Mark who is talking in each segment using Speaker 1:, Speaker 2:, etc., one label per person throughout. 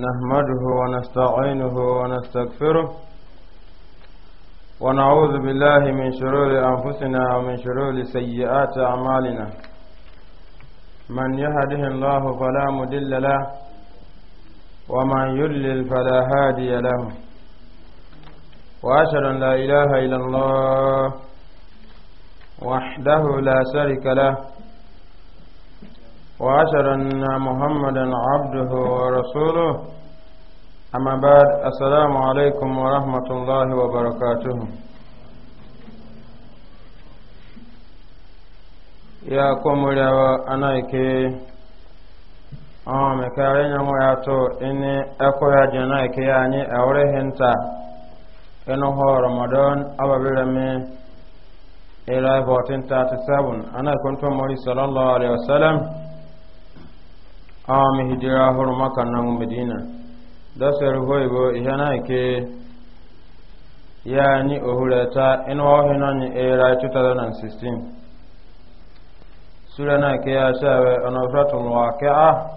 Speaker 1: نحمده ونستعينه ونستغفره ونعوذ بالله من شرور أنفسنا ومن شرور سيئات أعمالنا من يهده الله فلا مدل له ومن يلل فلا هادي له وأشهد أن لا إله إلا الله وحده لا شريك له وأشهد أن محمدا عبده ورسوله أما بعد السلام عليكم ورحمة الله وبركاته يا قوم يا أنايكي أنا آه، كارين أنا إني أكو يا أنا يعني أنا إنه هو رمضان أبا بلمي إلى 1437 أنا كنت مولي صلى الله عليه وسلم ami hijira huru maka nan medina da sir ihe na ke ya anyị ni ohureta inu ohinan era 2016 sura na ke ya shawe a.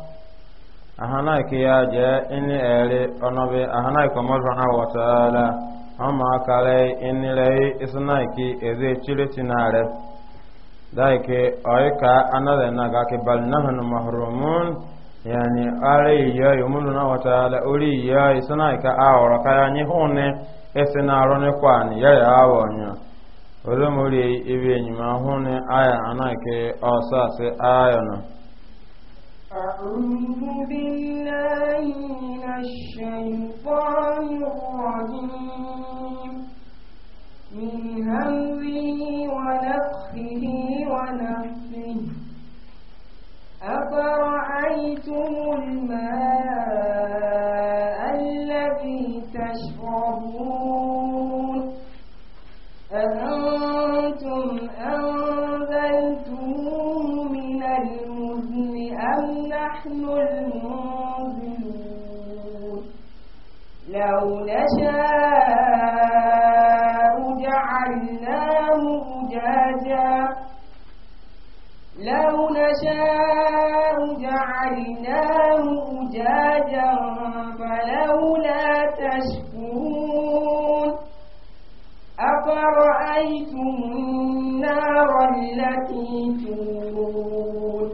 Speaker 1: Aha na ke ya je ini ere onobe ahana ko mozana wa taala amma kale ini lei na ki eze chire sinare dai ke oika anade na ga ke bal nahnu mahrumun yani ara iya yomunu na wataala ori iya isana ika awara kaya nyi hune ese na aro ne ya yare awo nya olo mori ibe enyima hune aya anake osa se ayo na
Speaker 2: أعوذ بالله من الشيطان الرجيم من ونفخه ونفسه أفرأيتم الماء الذي تشربون أأنتم أنزلتموه من المزن أم نحن المنزلون لو نشاء لو نشاء جعلناه أجاجا فلولا تشكرون أفرأيتم النار التي تورون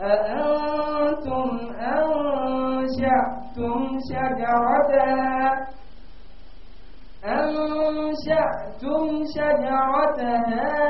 Speaker 2: أأنتم أنشأتم شجرتها أنشأتم شجرتها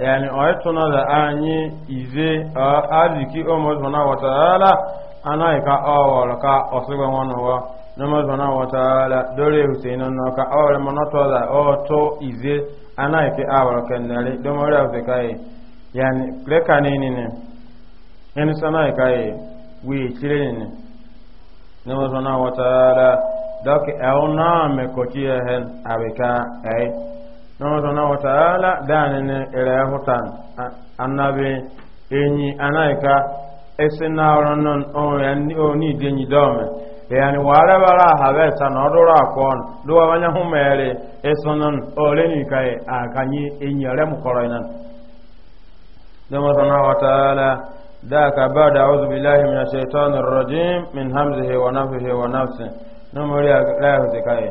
Speaker 1: yani oyetuna da anyi ize arziki umar zana wataala ana ka awar ka osiga dole na ka awar manato da ize ka awar kandare don mara hausa kayi yani reka ne ne ne yani sana kayi e, wuyi e cire ne ne numar zana wataala dɔk ɛwɔ e naa nọ́mọ̀tọ́nà wàtàálà dáàni ẹ̀rẹ̀ ẹ̀hútàn annabi enyi anáìka esi náà nan oni ìdíyìn dọ́ọ̀mẹ̀ yani e, wàhálà bára àhàbẹ́ta na ọdúnrà àkọ́ọ̀n lówà wáyé hún mẹ́rẹ̀ esunan olẹ́nìkà àkànyí enyi rẹ̀ mùkọ̀rọ̀ iná nọ́mọ̀tọ́nà wàtàálà dáàkà bá dáwọ́dù biláhi min ṣetán rọ̀jím min hamzihe wa nafihe wa nafsi nọ́mọ̀rí àkàyẹ̀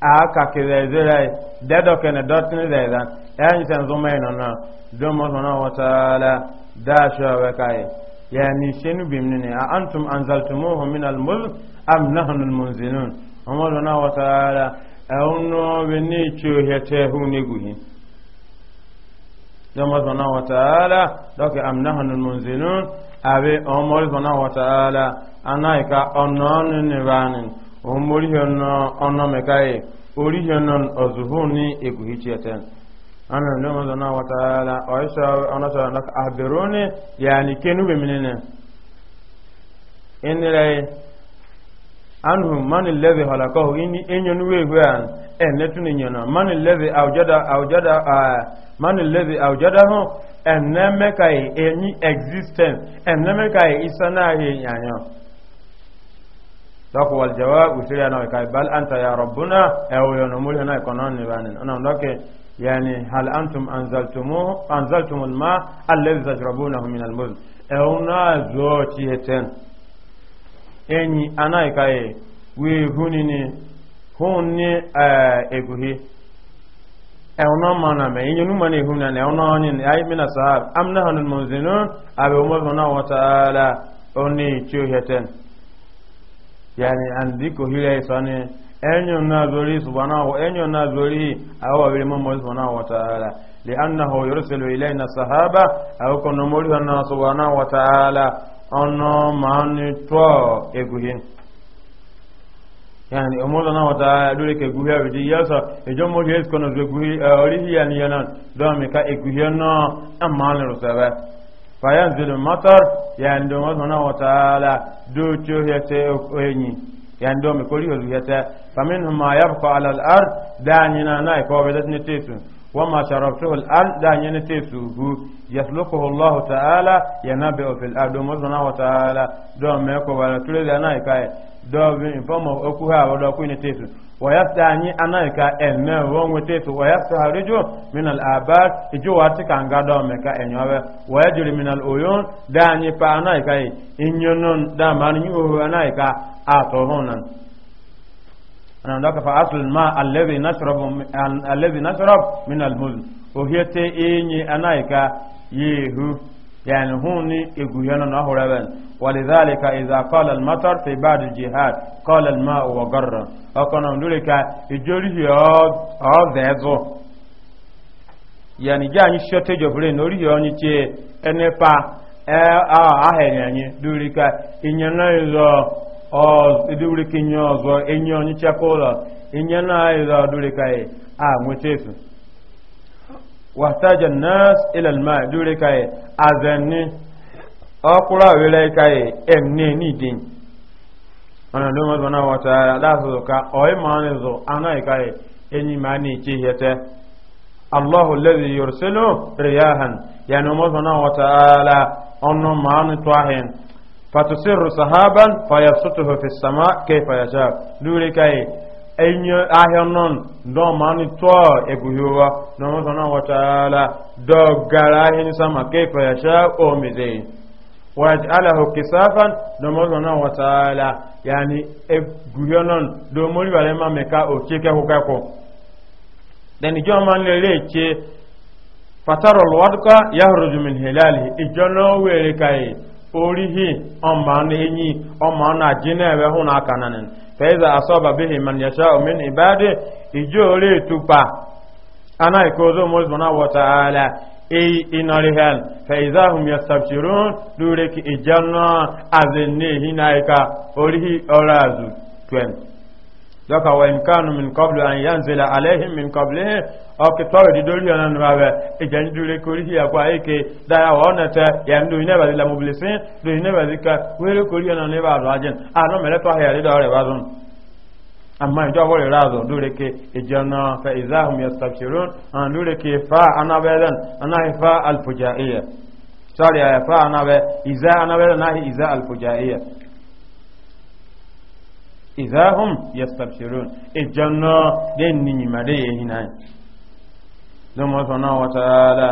Speaker 1: aka kizezira dedo kene dotini zezan yani sen zuma ino na domo sana wa taala da shawe kai yani shenu bimnini a antum anzaltumuhu min almuzn am nahnu almunzilun amma sana wa taala awno e bini chuhete huni guhi domo sana wa taala doke am nahnu almunzilun abi amma sana wa taala anaika onnon ni vanin omorihen onomekai orihen ozuhuni eguhichieten ana ne mazo na wata ala oisha ona sa na ahberone yani kenu be minene enere anhu man alladhi halakahu inni enyonu wehwan enetun enyona man alladhi awjada awjada man alladhi awjadahu enemekai enyi existence enemekai isana yanyo dɔk wal jawab usiriya na kai bal anta ya rabbuna ewu yo no mulho na konon ni banin ana ndoke yani hal antum anzaltumu anzaltum al ma alladhi tajrabunahu min al muz ewu na zo ci heten enyi ana kai we hunini hunni eguhi ewu no mana me enyi numa ne hunna ne ewu no ni ay mina sahab amna hanul munzinun abi umar wa ta'ala oni ci heten yani andiko hile isani enyo nadhuri subhanahu enyo nadhuri awa vile mama subhanahu wa ta'ala liannahu yursilu ilayna sahaba au kono muri na subhanahu wa ta'ala ono mani to eguhin yani omodo na wata dole ke guhi a widi yasa ejo mo yes kono guhi eh, ori yani yana do mi ka eguhi no amana rusabe fayanzilu matar yando mo sona wa taala do cho hete oyenyi yando mi kori yozu hete faminhum ma yabqa ala al ard danina nay ko be datni tesu wama sharabtu al ard danina tesu hu yasluquhu allah taala yanabi fil ard mo sona wa taala do me ko wala tule danai kai dɔɔbi fɔmɔ okuhu a wɔdɔ kuyi ne teesu wɔyɛsɛ anyi anayi ka ɛnɛ wɔn wo teesu wɔyɛsɛ minal abar ijo waati kan ga dɔɔ mɛ ka ɛnyɔbɛ wɔyɛ joli minal oyon daanyi pa anayi ka yi inyonon daamaani nyi ohu anayi ka aatɔ hɔn nan. ana dɔ minal mul ohiyete enyi anayi ka يعني هون يقولون أنه ربن ولذلك إذا قال المطر في بعض الجهاد قال الماء وقرر أقنا من ذلك يجري هذا يعني جاني شوتي جفرين نوري يوني تي أنفا ahẹ̀rẹ̀ anyị duri ka inye na ịzọ duri ka inye ọzọ enye onye chekwa ụlọ inye na ịzọ duri ka a nweta efu wàtájà nas ilẹ̀lmá lórí káyẹ̀ azẹni ọkùnrin àwẹ̀rẹ̀ káyẹ̀ ẹ̀mí ní ìdín ọ̀nà ló mọ́sán náà wọ́ta aláàfẹ́sọ̀ ká ọ̀ẹ́ máa ń zọ aná ìkáyẹ̀ ẹ̀yìn máa ní ìjì yẹtẹ́ allahu lẹ́dí riyahan yẹnu mọ́sán náà wọ́ta alá ọ̀nà enyo ahịa nọn ndọmanụ tọọ egwuhiwa n'ọmụsọnà wọtala dọgara ahịa nisa maka ịkọ ya sha omize wàjálàhù kìsáfán dọmọ́sọ̀nà wọ̀tàálà yà ní egwuhionon domoriwàlẹ̀ máa mẹ́ka òkè kẹ́kọ́kẹ́kọ́ dẹnijọ́ máa ń lèrè ṣe fatarọ̀lọ́wọ́dúkọ́ yàhùrùjùmìn hìláàlì ìjọ́nà wèrè káyìí orihi ọma na enyi ọma na ji na-ewe hụ na aka na asọba bihi man yasha min ibadi ijo ore tupa ana ikozo mozmana wa ta'ala eyi inarihan faiza hum yastabshirun lure ki ijanna azinne hinaika orihi azụ 20 dɔka wa imkanu min kɔblu an yanzila alehim min kɔblihi ɔke tɔbe di doli yana nura bɛ ijan dure kori hiya kwa eke daya wa ɔna tɛ yan do ne bali la mobilisi do ne bali ka wele kori yana ne ba do ajin a no mele tɔ hiya da ɔre ba zun amma ijo wore razo dure ke ijana fa izahum yastabshirun an dure ke fa anabedan ana fa alfujaiya sorry fa anabe iza anabedan na iza alfujaiya izahum yastabshirun ijanna den ni nyimade ye hinan don mo sona wa taala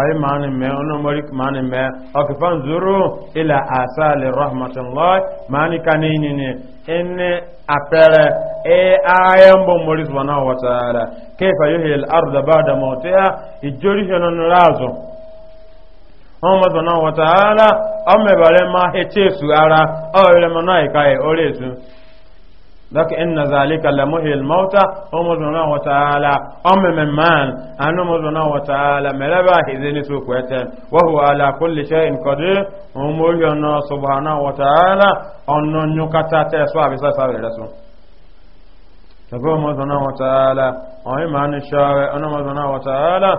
Speaker 1: ay mani me ono mori mani me akfan zuru ila asali rahmatullah mani kanini ne en apere e ayan bo mori sona wa taala kayfa yuhyi al arda ba'da mawtiha ijori razo máa ara náà donc inna zalika la muhil mauta omo zona wa taala amma man man anu mu zona wa taala melaba hizini su kwete wahu ala kulli in qadir omo yono subhanahu wa taala onno nyukata te so abisa sabira so sọ̀rọ̀ mọ́sánà wọ̀tàálà ọ̀hìn máa ní ṣọ́ọ̀rẹ́ ọ̀nà mọ́sánà wọ̀tàálà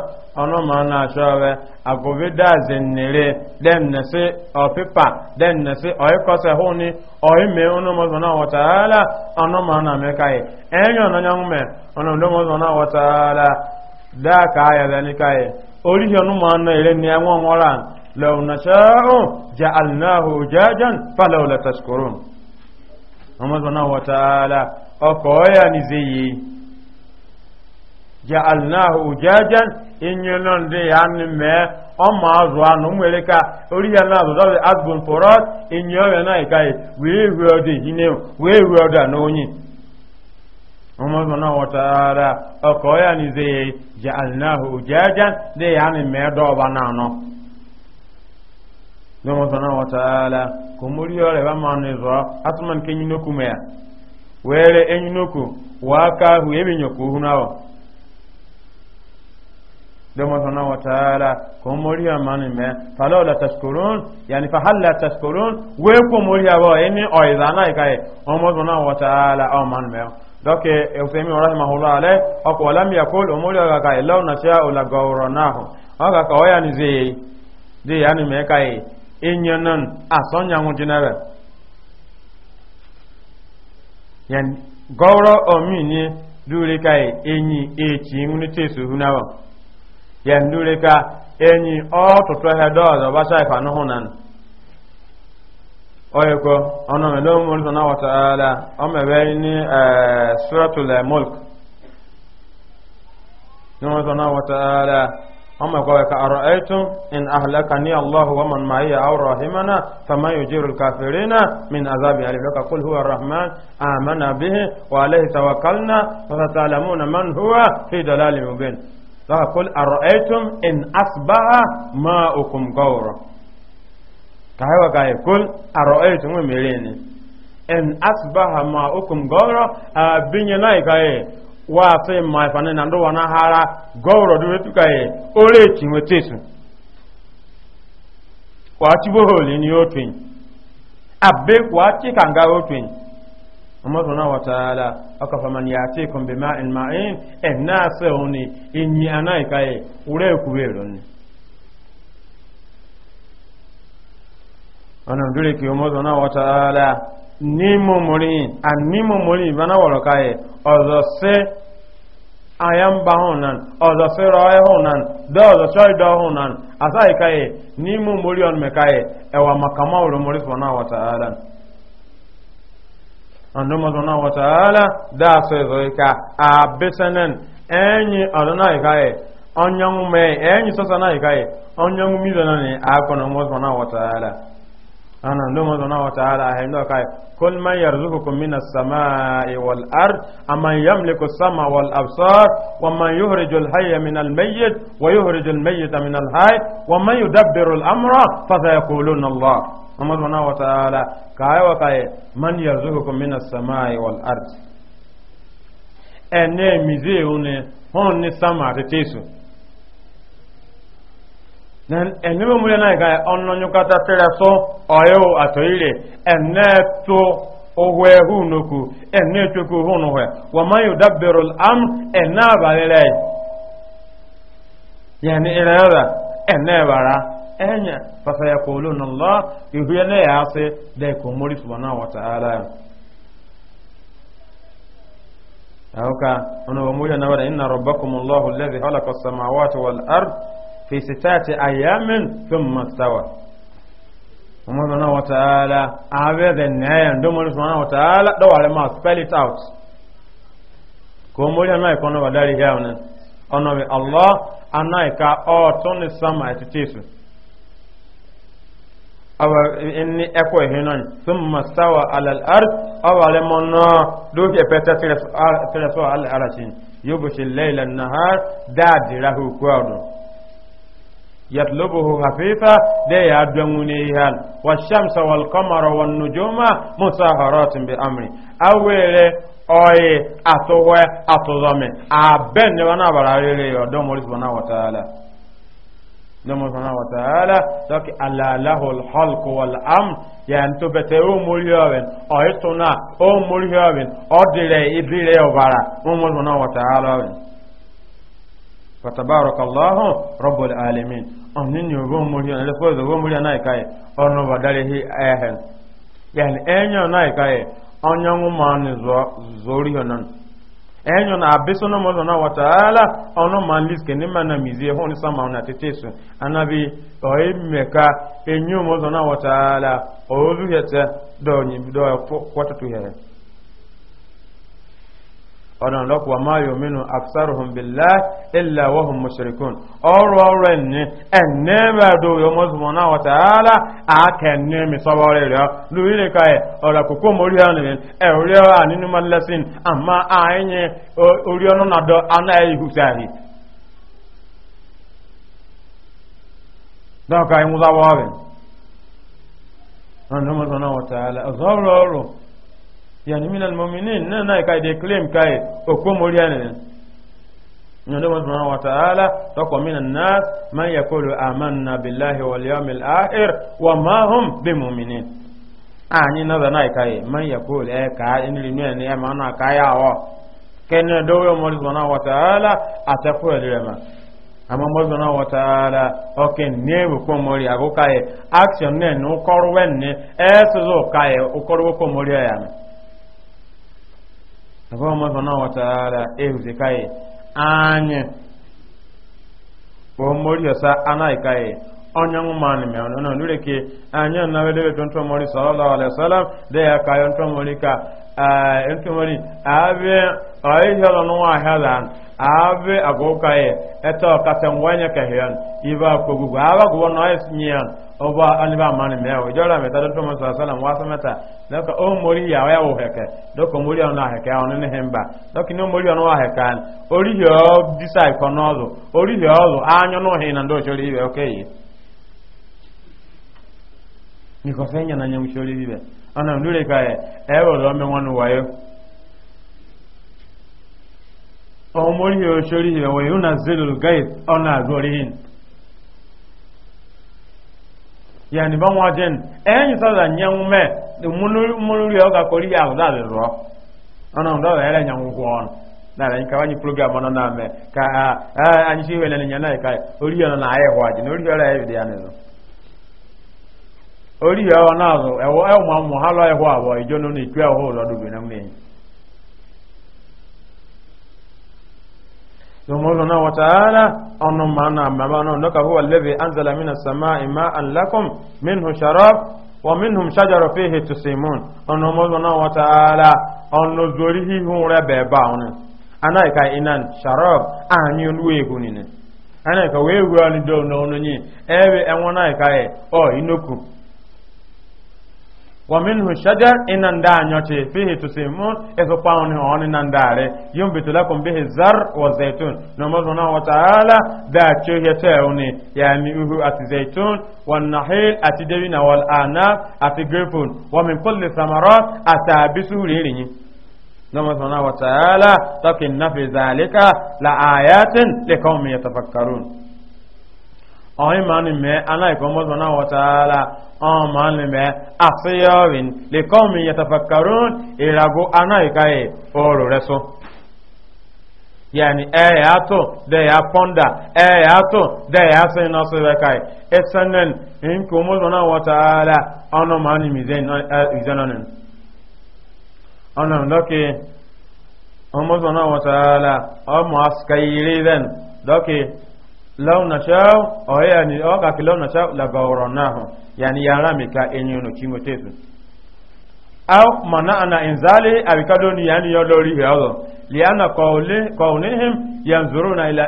Speaker 1: ọ̀nà máa ní ṣọ́ọ̀rẹ́ agobi dáàzì nìrè dẹ́nà sí ọ̀pípà dẹ́nà sí ọ̀íkọ́sẹ̀ hù ní ọ̀hìn mẹ́ ọ̀nà mọ́sánà wọ̀tàálà ọ̀nà máa ní àmẹ́ka yìí ẹ̀yìn ọ̀nà yẹn mẹ́ ọkọ̀ ya ni zai yi ja'alnahu ujajan inyinon de yan me o ma zuwa no nwere ka ori ya na zo azbun forot inyo we na ikai wee we ode hine we we ode na onye umar bana wa taala ya ni ze ja'alnahu ujajan na ma ya were enyinoko wa aka ahụ emenyoko ohu nawa dọmọsánà wọ̀tàrà kò mórí ọmọ ni mẹ́ fàlọ́ọ̀lá tàṣkòrón yàní fàhálà tàṣkòrón wéèkò mórí àwọ̀ ẹni ọ̀ìzà náà ìkáyẹ̀ ọmọsánà wọ̀tàrà ọmọ ni mẹ́ dọ́kẹ̀ ẹ̀fẹ́mi ọ̀rọ̀hìmọ̀húrọ̀ alẹ́ ọkọ̀ yani gọrọ ọmịnye lure ka enyi echi nwere tesu hu na yani lure ka enyi ọtụtụ ha dọọzọ basa ifa nuhu na oyeko ọnụ mele ụmụrụ na wataala ọ mebe ni eh, suratul mulk n'ụzọ na wataala أما قولك أرأيتم إن أهلكني الله ومن معي أو رحمنا فما يجير الكافرين من عذاب أليم قل هو الرحمن آمنا به وعليه توكلنا فستعلمون من هو في ضلال مبين قل أرأيتم إن أصبح ماؤكم غورا كهوا كاي قل أرأيتم ميرين إن أصبح ماؤكم غورا أبين نايكاي waasị mma ifane na ndị wana hara gọwụrọ dịwe wetu ye ole echi nweta esu kwa chibo holi ni otwen abe kwa chi ka nga otwen amma na wa ta'ala aka fa man yatikum bima in ma'in in nasuni inni anai kai ure ku wero ni ana ndure ki amma wa ta'ala n'imu muri animu muri bana wọrọ ka ye ọzọ se ayamba hụ nan ọzọ se rọọ hụ nan ọzọ chọị dọọ hụ nan asa yi ka ye n'imu muri ọnụ me ka ye ẹwà makama wọrọ muri sọnà wọta ala andoma sọnà wọta ala daa so ẹzọ yi ka a bẹsẹnẹn ẹnyi ọdọ náà yi ka ye ọnyọngu mẹ sọsọ na yi ka ye ọnyọngu mi zọ náà ni a kọnọ mọ sọnà wọta ana lomo zana wa ta'ala ahe ndo kai kul man yarzuqukum minas samai wal ard amman yamliku sama wal absar wa man yuhrijul hayya minal mayyit wa yuhrijul mayyita minal hayy wa man yudabbiru al amra fa sayaquluna Allah amma zana wa ta'ala kai wa kai man yarzuqukum minas samai wal ard ene mizeune hon ni sama tetesu eneme mure na ga onno nyukata tere so oyo atoire enne to ohwe hunuku enne tuku hunuwe wa ma yudabbiru al-amr enna balele yani irada enne bara enya fasa yaquluna allah yuhiya ne yase de ko muri subhanahu wa ta'ala أوكا أنا ومولا نورا إن ربكم الله الذي خلق السماوات والأرض في ستة أيام ثم استوى ومن سبحانه وتعالى أعبد النهاية دوم سبحانه وتعالى دوال ما spell it out كومولي أنا يكون بداري هاونا أنا بي الله أنا يكا أو توني سما يتتيسو أو إني أكو هنا ثم استوى على الأرض أو على منا دوك يبتا تلسوا على الأرض يبشي الليل النهار دادي له كوادو يطلبه حفيفا دي أدوني هان والشمس والقمر والنجوم مساهرات بأمري أولي أوي أتوه أتوزمي أبن وانا براريلي ودوم الله سبحانه وتعالى دوم سبحانه وتعالى لك ألا له الخلق والأمر يعني تبتئو مليوين أو يتنا أو مليوين أو دلي إبلي وبرا دوم سبحانه وتعالى fatabarakallahu rabbul alamin onin ni obo mo yan le fo zo mo yan aikai ono badare hi ehen yani enyo na aikai onyo ma ni zo zori enyo na abiso no mo na wa taala ono ni mana mizie ho ni sama na tetesu anabi meka enyo na ozu do do tu ọ̀nà lọ́kùwà máa yóò mínú àfisáruhùn bílá ilẹ̀ wọ́hùn mọ̀ṣẹ̀ríkún ọrọ̀ ọrọ̀ ẹ̀ní ẹ̀ní bẹ̀ẹ̀dọ̀ yóò náà wọ̀tàálà àkẹ́ni mi sọ́wọ́ rẹ̀ rẹ̀ lórí nìka ẹ̀ kòkó mórí yani min almuminin na na kai de claim kai o ko mori anen nyodo mo subhanahu uh, wa ta'ala taqwa min an-nas man yaqulu amanna billahi wal yawmil akhir wa ma hum bimuminin ani ah, na da nai kai man yaqulu e eh, ka in ri ne ne eh, ma na kai awo ken do yo mo subhanahu uh, wa ta'ala atafu elema ama mo subhanahu uh, wa ta'ala o ken ne ko mori ago kai action ne no korwen ne e eh, so kai o korwo ko mori ayana Akwai Umar Fana wataala ehuzi kaye anye omori yasa anayi kaye onye nwụmanị mere ọnụ n'olure ke anya na wedebe tontomori sallallahu alaihi wasallam da ya kayo ntomori ka n'ụwa ahịa dan abe agụkaye eto kata ngwanye kahiyan ibe akwogugwu abe agụwa na ọhịa ọba aliba mani mẹ́wọ̀ ìjọra mẹ́ta tó tọ́mọ̀ sàásánà wá sọ́mẹ́ta lọ́kọ̀ ó mórí ìyàwó ẹ̀wọ̀ hẹ̀kẹ́ lọ́kọ̀ mórí ọ̀nà àhẹ̀kẹ́ ní oríhì oríhì na ndó òṣèré yìí na nyẹ̀mú òṣèré ibẹ̀ ọ̀nà ìdúró ìka yẹ ẹ̀wọ̀ lọ́ mi wọn wáyé ọmọ oríhì òṣèré ibẹ̀ wọ̀nyí ọ̀nà yani ban wajen en eh, yi sada nyan me de munul munul yo ga ko riya da de ro ana ndo da ere nyan ko on na ran ka wani program ona na me ka a an shi wele ne nyana e ka ori yo na aye waje no ori yo ra e de ane zo ori ya na zo e wo e mo mo halo ijo no ni twa e ho lo bi na me سبحانه وتعالى أن معنا مبانا لك هو الذي أنزل من السماء ماء لكم منه شراب ومنهم شجر فيه تسيمون أن سبحانه وتعالى أن نزوره هو ربعون أنا إكا إنان شراب أن ينويهونين أنا إكا ويهواني دون نوني أبي أمونا إكا أو إنوكم ومنه شجر إن دا نيوتي فيه تسيمون إذا قاون هون إن داري ينبت لكم به الزر والزيتون نمر سبحانه وتعالى دا تشيه تاوني يعني هو أتي زيتون والنحيل أتي دبنا والأعناب أتي جرفون ومن كل الثمرات أتابسه ليريني نمر سبحانه وتعالى لكن في ذلك لآيات لقوم يتفكرون ọ̀hìn máa ní mẹ́ aláìkọ́mọ́sọ̀ náà wọ́tàálà ọ̀hún máa ní mẹ́ àṣeyọ́rin lè kọ́mí yàtàfàkàrún ìràgó anáìkáyè oòrùn rẹ̀ sọ yàní ẹ̀yà tó dẹ̀yà pọ́ndà ẹ̀yà tó dẹ̀yà sẹ́yìn náà ẹ̀sẹ̀nẹ̀n ìkọ́mọ́sọ̀ náà wọ́tàálà ọ̀nà máa ní mìzẹ́nọ́nì ọ̀nà lọ́kì ọmọ́sọ̀ náà wọ́tàálà ọmọ àṣkà yìí rí law nashau o yani o ka law nashau la bawranahu yani yara mi ka enyo no kimo tesu aw mana ana inzali abikado ni yani yo lori he odo liana qawli qawlihim yanzuruna ila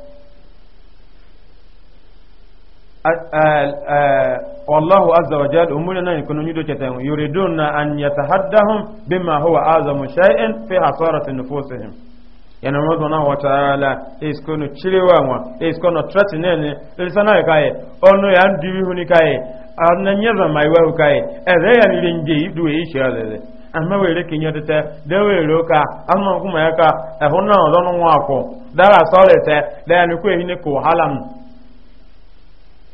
Speaker 1: والله عز وجل أمورنا يكون نيدو كتاهم يريدون أن يتحدهم بما هو أعظم شيء في حصارة نفوسهم yana rozo na wata ala is kono chirewa wa is kono threatening ne lisana kai ono ya ndiwi huni kai ananyeza maiwa kai ere ya ni nje idu e shalele ama were kinya tete de were ka ama kuma ya ka ehuna ono nwa akọ dara solete da ni ko ehine ko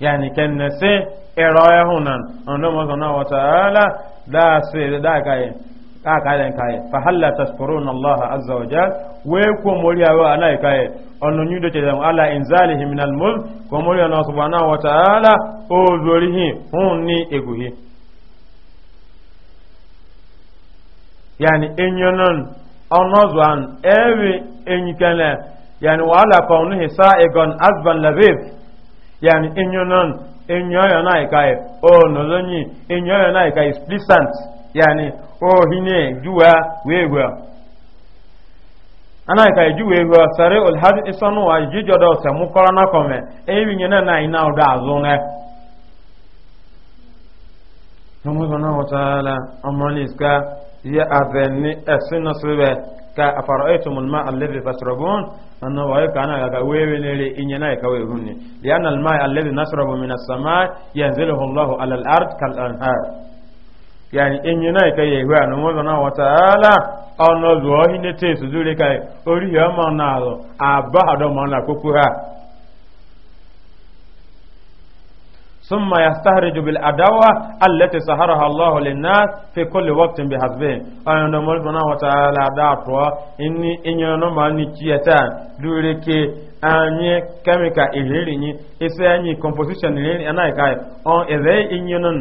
Speaker 1: yani kenne se eroye hunan ondo mo zona wa ta'ala da se da kai ka ka den kai fa halla tashkuruna Allah azza wa jal we ko mori awa ala kai onno nyu do tedam ala inzalihi min al mulk ko mori Allah subhanahu wa ta'ala o zorihi hunni eguhi yani enyonon onozwan ewi enyikana yani wala kaunuhi azban labib yani enyo non enyo yo na ikai o no lonyi enyo yo na ikai pleasant yani o hine juwa wewa ana ikai juwe wewa sare ol hadi isonu wa jijo do se mukora na kome e wi nyene na na oda azu ne nomo zona wa taala amrani iska ya azani asina sube ka afara'aytumul ma'a alladhi tashrabun أنه ويكان ويبنيري إننا يكويهن لأن الماء الذي نشرب من السماء ينزله الله على الأرض كالأنهار يعني إننا يكويهن نموذنا وتعالى أنه ذوهن تيسو ذلك أريه أمانا أبا أدو مانا كوكوها ثم يستهرج بالأدوة التي سهرها الله للناس في كل وقت بحسبه أنا نمر سبحانه وتعالى دعوة إني إني نمر نتيتا دوريكي أني كميكا إهيريني إسياني composition إهيريني أنا إكاي أن إذي إني نن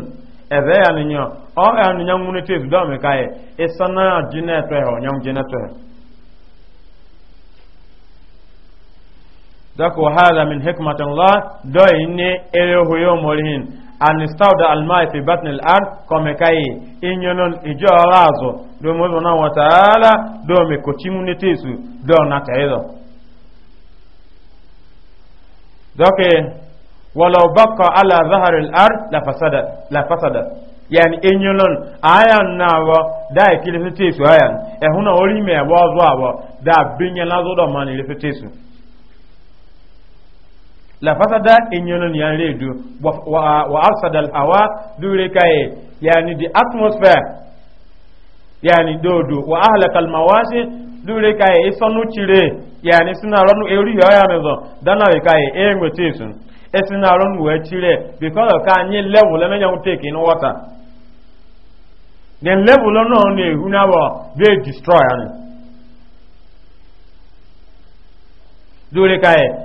Speaker 1: إذي أني نيو أو أني نيو منتيز دومي كاي إسانا جينة توهو نيو جينة توهو dɔk wa hada min hikmatillah dɔ yi ne ere hoyo morihin an stauda almai fi batni al-ard kɔmi kayi in yɔnon ijo razo do mo zona wa taala do mi do na tayi dɔ dɔk walau baqa ala zahari al-ard la fasada la fasada yani in yɔnon ayan nawo dai ikile tesu ayan ehuna ori me wa zo abo da binya na zo do man ile la lafasada inyonon yan redu wa afsada al-hawa dure kai yani the atmosphere yani dodo wa ahlaka al-mawasi dure kaye isonu chire yani suna ronu eri ya mezo dana we kaye e nwete sun e suna ronu we chire because of ka nye level na yan take in water then level no na ehu na wa be destroy ani dure kai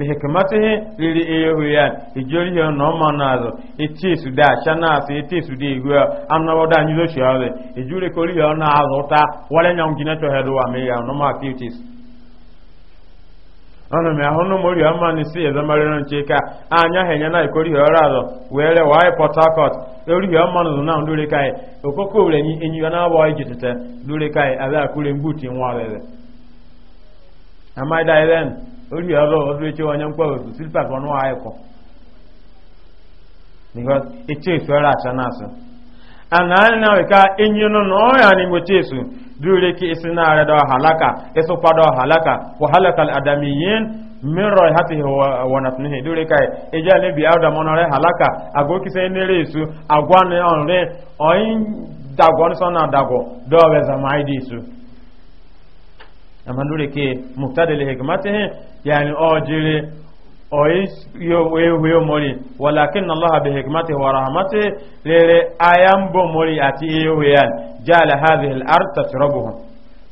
Speaker 1: bihikmatihi riri eyehu ya ijori hiyo na ọma nazo iti suda acha naasi iti suda ihu ya anaboda anyizo ọ ijuri kori hiyo na azota wale nyam gina si ezamare no cheka anya henya na ikori hiyo razo were wa port harcourt ori hiyo ama no na ndure kai okoko ure ni enyi na wa ijitete dure kai ala mbuti nwa orí ọlọ́ ọdún etí wọn yẹn ń pẹ́ òtù sílípà kan ní wàá ẹ̀kọ́ because etí ìfẹ́ àṣà náà sọ àná nínú ìka ẹ̀yìn nínú ọ̀rẹ́ àni mo tí èso dúró kí èsì náà rẹ̀ dọ̀ hàlákà padà wàhálàkà àdàmì mìíràn ìhàtì dúró níbi àdàmọ́nà àgókísẹ́ èso ọ̀yìn dàgọ́ sọ́nà dàgọ́ zàmáìdì èso amma dole ke muktada li hikmatihi yani o jire o yo we we mori walakin allah bi hikmatihi wa rahmatihi rere ayambo mori ati yeyan jala hadhihi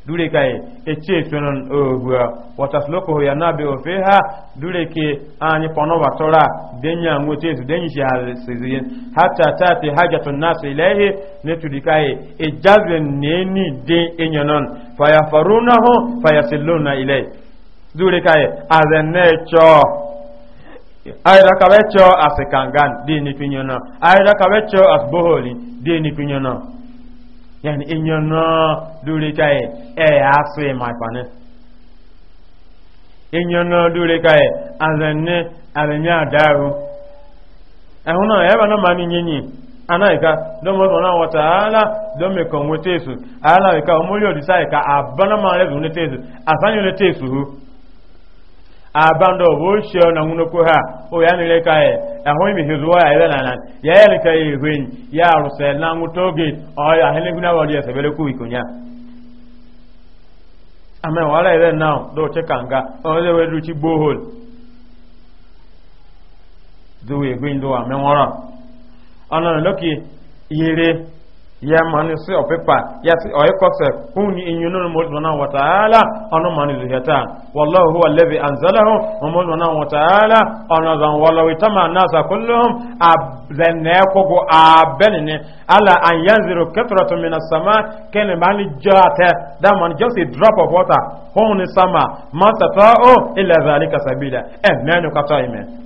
Speaker 1: dure kai eche fenon ogwa watasloko ya nabe ofeha dure ke anyi pono watora denya ngote zu denyi sha sizin hatta tati hajatun nas ilahi ne tudikai ejazen neni de enyanon fayafarunahu fayasiluna ilai dure kai azenecho ayira kabecho asikangan de ni pinyona ayira kabecho asboholi de ni pinyona yani inyo no dure kai e asu e mai pane inyo no dure kai azenne alenya daru e eh, hono e ba no mami nyinyi anaika e do mo bona wa taala do me ko motesu ala e ka o mo yo disai e ka abana ma le dune tesu abando woshe na nguno ko ha o ya nile ka e na ho mi hizo ya ile na na ya ile ka e hwen ya ruse na ngutoge o ya hele guna wali ya sebele ku ikunya ama wala ile na do che kanga o le we ruchi bohol do we gwindo amenwara ana loki yere ya mani si opepa ya si oyekose huni inyunun mulmana wa ta'ala ono mani lihata wallahu huwa alladhi anzalahu wa mulmana wa ta'ala ono zan wallahu itama nasa kulluhum ablanne kogo abenene ala an yanziru katratu sama kene mani jata da man just a drop of water huni sama ma tata'u illa dhalika sabila eh nanu ime.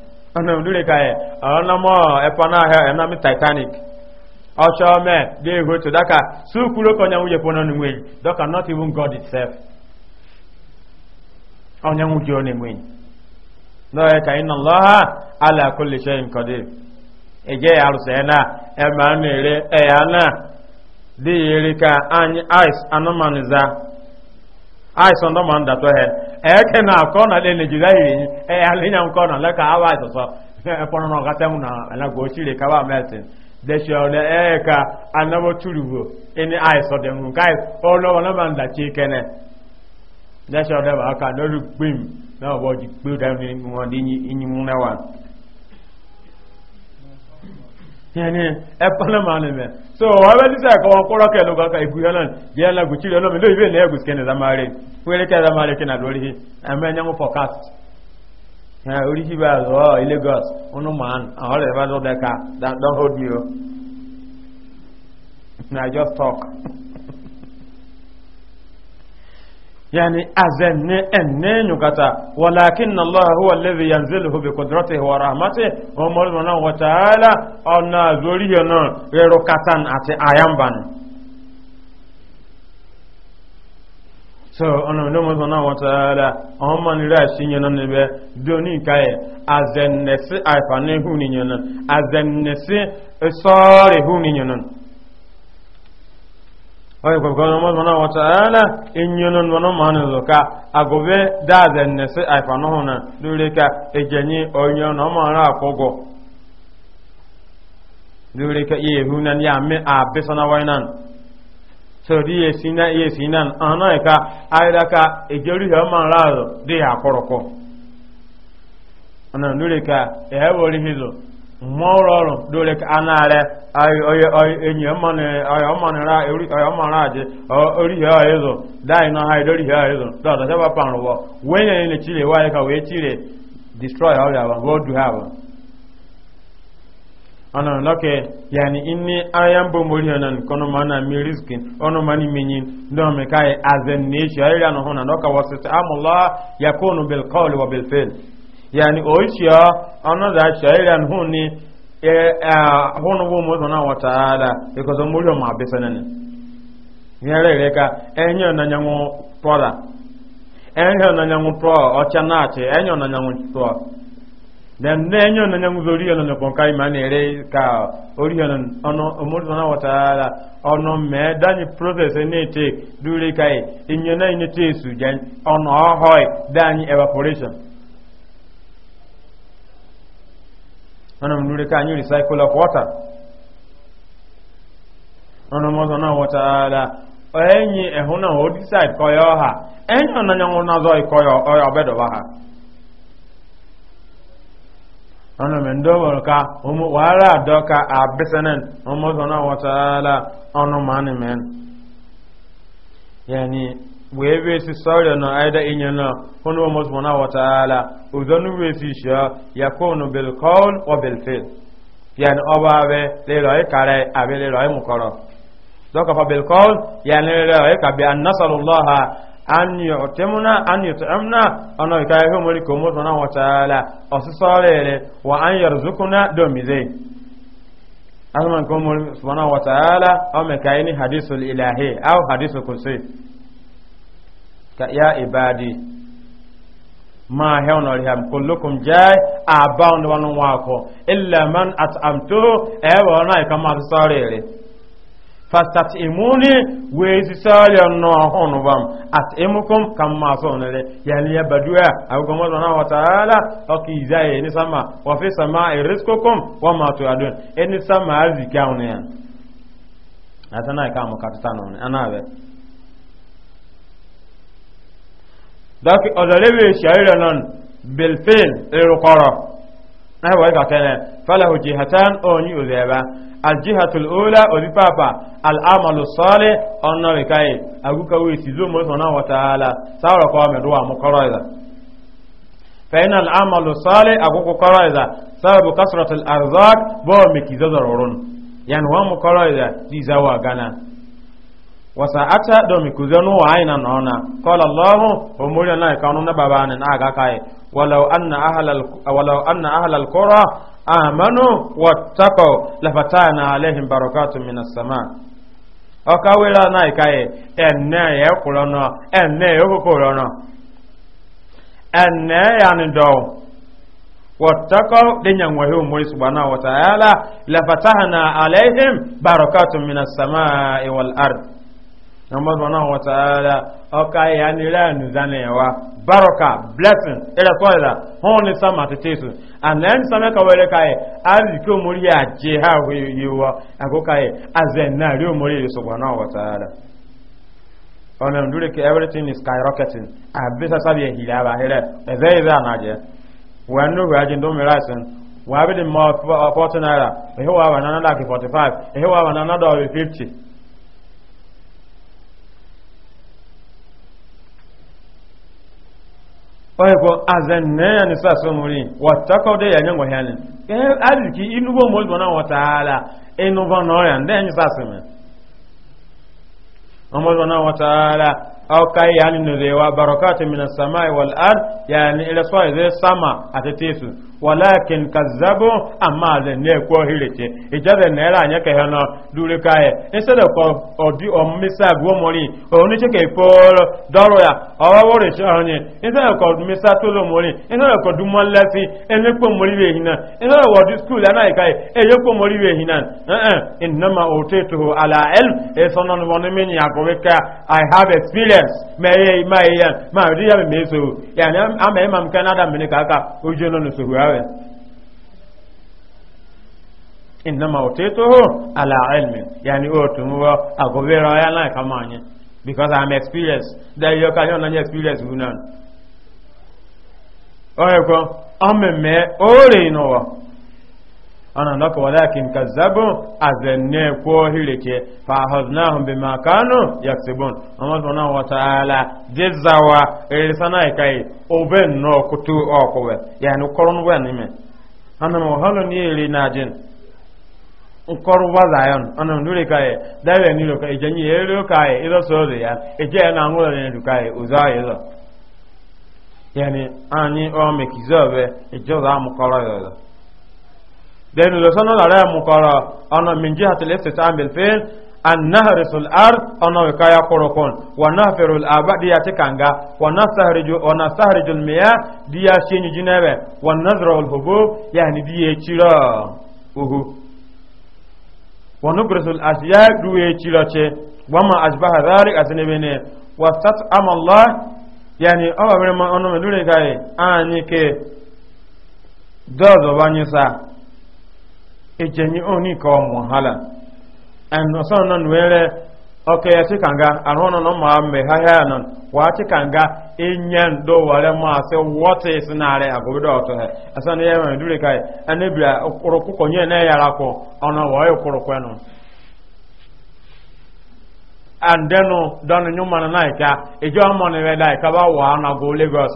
Speaker 1: ọ̀nà òdúrè káyẹ̀ ọ̀rọ̀ nọmọ ẹ̀pọ̀ náà hẹ ẹ̀nà mi titanic ọ̀ṣọ́ mẹ́ dé daka tó dáka sùkúrò kọ́ ọ̀nyẹ́wò yẹpọ̀ náà nìwé not even god itself ọ̀nyẹ́wò jẹ́ ọ̀nà ìwé lọ́yẹ̀ ká iná lọ́ha alákòlẹ̀ṣẹ́ nkọ́dé ẹ̀jẹ̀ àrùsẹ̀ náà ẹ̀mà nìrẹ̀ ẹ̀yà náà dé yẹrẹ ice anọ́mọ̀nìza aisha ndo man da to he e na akọ na le ne jiga yi e ale nya na le ka awa so so e pono no ga na ala go chire ka ba de she ole e ka anabo turugo eni aisha de mu kai o lo na man da chi kene de she ole ba ka n'olu gbim na obo ji gbe dị mi won ni ni mu na yani ɛpana maa ni so wa bɛ sisan ka wɔn kɔrɔ kɛ lɔgɔ ka iguya lɔn diɲɛ la guci lɔn mi lóye bɛ lɛɛ gusi kɛnɛ zamaare wele kɛ zamaare kɛnɛ lori an bɛ ɲɛngo fɔ kat ɛ orisi b'a zɔ ilegos ɔnu o na just talk. yani azenne enne nyukata walakin Allah huwa alladhi yanziluhu bi qudratihi wa rahmatihi wa mawlana wa ta'ala ona zori yana rero katan ati ayamban so ona no mawlana wa ta'ala on man ra sinye non be doni kai azenne si aifane huni nyonon azenne si sore huni nyonon oye gwagwagwa mazmana wata'ala in yunan manu agobe da na lori ka ejenyi onye na ọmọ ara ka iya ihu ya a bisa na wainan sori na iya ana ka ayira ka ejeri ha ọmọ ka azụ dị ya ana lori ka ehe wori hizo mọ́rọ̀ ọ̀rùn lórí aná rẹ̀ ẹ̀yìn ọmọnira ọmọnirajì oríhẹ́ ọ̀ẹ́zùn dáìnà àìdóríhẹ́ ọ̀ẹ́zùn dọ̀tà wẹ́yẹ̀ ilẹ̀ chile wáyé kàwé chile destroy ọ̀rẹ́ àwọn gọ́ọ̀dù àwọn ana lọ́kẹ̀ yàní inní ayán bó mórí ọ̀nà kọ́nà máa na mi rísìkì ọ̀nà máa ní mi yín dọ́nà mi káyẹ̀ azẹ̀ ní ṣe ayé rẹ̀ àná hùn náà lọ́kà wọ́n sì wọ̀ yani oichia ọnụ da chairan hu ni hụ e, e, hunu bu mu zona wa taala iko zo mulio ma besanan yare ka enyo na nyanwu tora enyo na nyanwu to ocha na ache enyo na nyanwu to den ne enyo na nyanwu zori yo na kon kai na-ere ka ori yo ono mu zona wa taala ono me dani process ne te dure kai inyo na inyo te ọnụ jan ono hoy evaporation ana mdure ka anyị recycle of water ana mo na water ala enyi ehuna ho decide ko yo ọha enyi na nyango na ọzọ ko yo o bedo ba ha ana me ndo wor ka omo wara do ka abisenen omo na water ala ono mani ya ni. wee be si sauria na aida inye na kunu mu subhanahu wa ta'ala uzanu be si sha yakunu bil qawl wa bil fi'l yani oba be le ro e kare abi le ro e eh, mukoro doka fa bil qawl yani le ro e ka bi an nasallallahu an yu'timuna an yut'amna ana oh, ka yi eh, mu ko wa ta'ala osisore wa an yarzuquna domizei azman ko ilahi au hadisul kursi ka ya ibadi ma hewno riham kullukum jai a bawn wanu wako illa man at'amtuhu ewa na kama sarere fastat imuni wezi sari no hon bam at imukum kam ma so nere yani ya badua aw ko mona wa taala o ki zai ni sama wa fi sama rizqukum wa ma tuadun sama azikaune ya atana kama katano ana be ذاك أدلوي شعيرنا بالفعل الرقرة نحو هيك كان فله جهتان أوني أذيبا الجهة الأولى أذي بابا العمل الصالح أنا بكاي أقولك ويسيزو مرسونا وتعالى سارة قوام دوا مقرائزة فإن العمل الصالح أقولك قرائزة سبب كسرة الأرزاق بومي كيزة ضرورون يعني هو مقرائزة دي زوا غانا wasa ata domi kuzenu wa aina naona qala allah umuri na kanu na baba ne na ga kai walau anna ahlal walau anna ahlal qura amanu wattaqu lafatana alaihim barakatun minas sama okawela na kai enne ye kurono enne ye kurono enne yanido wattaqu dinyanwa hu umuri subhanahu wa ta'ala lafatana alaihim barakatun minas samaa'i wal ardh number one wa ta'ala ọka ya ni rẹ nuzani wa baraka blessing ẹrẹ kọ ẹrẹ hàn ní sáma tètè sùn àná ẹni sáma ẹka wẹrẹ ka yẹ àríkì omori yà jẹ ha yẹ wọ àgọ ka yẹ azẹ náà rí omori yẹ sọgbọn náà everything is skyrocketing àbí sásábì ìhìlẹ̀ àbáhẹ́rẹ́ ẹ̀zẹ́ ìzẹ́ ànájẹ́ wọ́n ń lóhùn ajé ndómìnira ẹ̀sìn wọ́n á bí di ko azen ne ya ni sa so muri wattaqaw de ya nyango hanin ke aliki inu bo mo bona wa taala inu bo no ya de ni sa so me mo bona wa taala aw kai yani ne wa barakatun minas samai wal ard yani ila so sama atetesu walakin kazzabu amma zan ne ko hirete ijabe ne ra anya ke hano dure kae instead of Obi o misa gwo mori o ni che ke por doro ya o wo re sha onye instead of ko misa to lo mori instead of ko du mo lati ene ko mori we hina instead of odi school ana ikai e ye ko mori we hina eh eh innama utituhu ala ilm e sono no woni min ya ko weka i have experience me e ma ye ma ri ya me so ya na am e mam kanada me kaka ka ojo no no so awe innama utituhu ala ilmin yani otumuwo agobera ya na kama anye because i'm experienced that you can only experience hunan oyeko o re inowa ana ndaka walakin kazzabu azanne ko hirike fa haznahum bima kanu yaksubun amma sona wa ta'ala jizzawa irsana kai oben no kutu okowe yani koron wani me ana mo halo ni iri najin nkɔrɔ wa lion ɔnà ndúlẹ̀ ka yẹ dáwẹ̀ ka ka na ka then lo sono la ram kara ana min jihati al-istisam bil fi'l an nahrisu al-ard ana wa kaya korokon wa nahfiru al-abadi ya tikanga wa nasahriju wa nasahriju al-miya diya shenyu jinabe wa nazru al-hubub yani diye chira uhu wa nubrisu al-asya duye chira che wa ma asbaha dhalik asnebene wa stat'ama Allah yani awa mema ono anike dozo banyisa ejenyi oni ka ọmụ hala and ọsọ nọ nwere ọka ya chikanga arụ ọnụ nọ ma mme ha ha nọ wa chikanga enye ndo wale ma asị wọta isi narị agụbido ọtọ ha asa na ya nwere dure ka ya na ebira kwụrụkwụkwọ nye na ya rakwụ ọnụ wa ya kwụrụkwụ nọ and then dọnụ nyụmanụ na ịka ije ọmụ na iwe da ịka ba wa na go lagos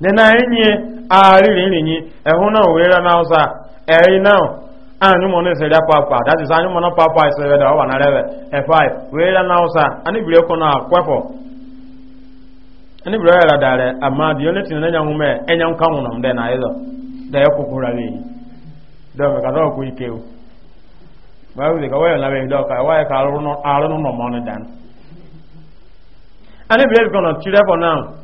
Speaker 1: nena enyi aririnrinyi ehuna wera na usa eri now anyu mo ne se da papa that is anyu mo na papa is we da wa na rewe e five wera na usa ani bire ko na kwefo ani bire era dare ama the only thing e na nyanwu me enya nka nwu na mde na izo da ya kukura le do me ka do ku ike o ba wi ka wa na be do ka wa ka aru no aru no mo ne dan ani bire ko na chire for now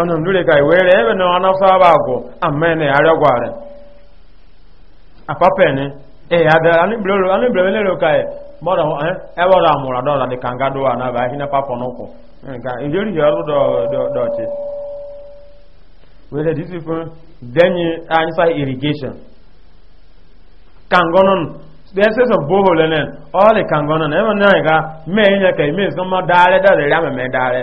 Speaker 1: ọnụ ndure ka iwere ebe na ọnụ afọ aba agwụ amen arịọ gwara apapene ee ada anibrelo anibrelo lero ka e bọrọ eh ebọrọ amụrụ adọ dị ka nga dọwa na ba hina papọ n'ụkwụ nka e ijeri ya ọrụ dọọchị wele disi fun denye sa irrigation kangonon spaces of borehole nen all the kangonon ebe na ga mee ihe ka ime nsọ mma daare daare ya meme daare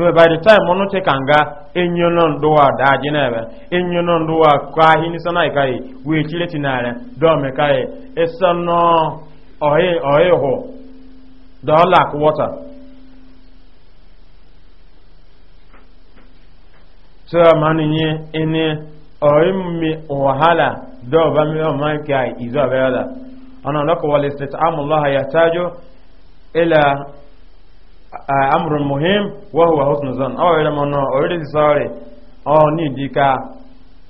Speaker 1: ruo by the time ọnụ te ka nga enyono nduwa daji na ebe enyono nduwa kwa ahi nisa na ikari wee chile tinare dome kari eso e no ohe ohe ho the lack water so mani nye ene ohe mi wahala do ba mi o man kai izo abela ana lako wal istitamu allah yahtaju ila amrun muhim wa huwa husnu zan awa ila mono already sorry o ni dika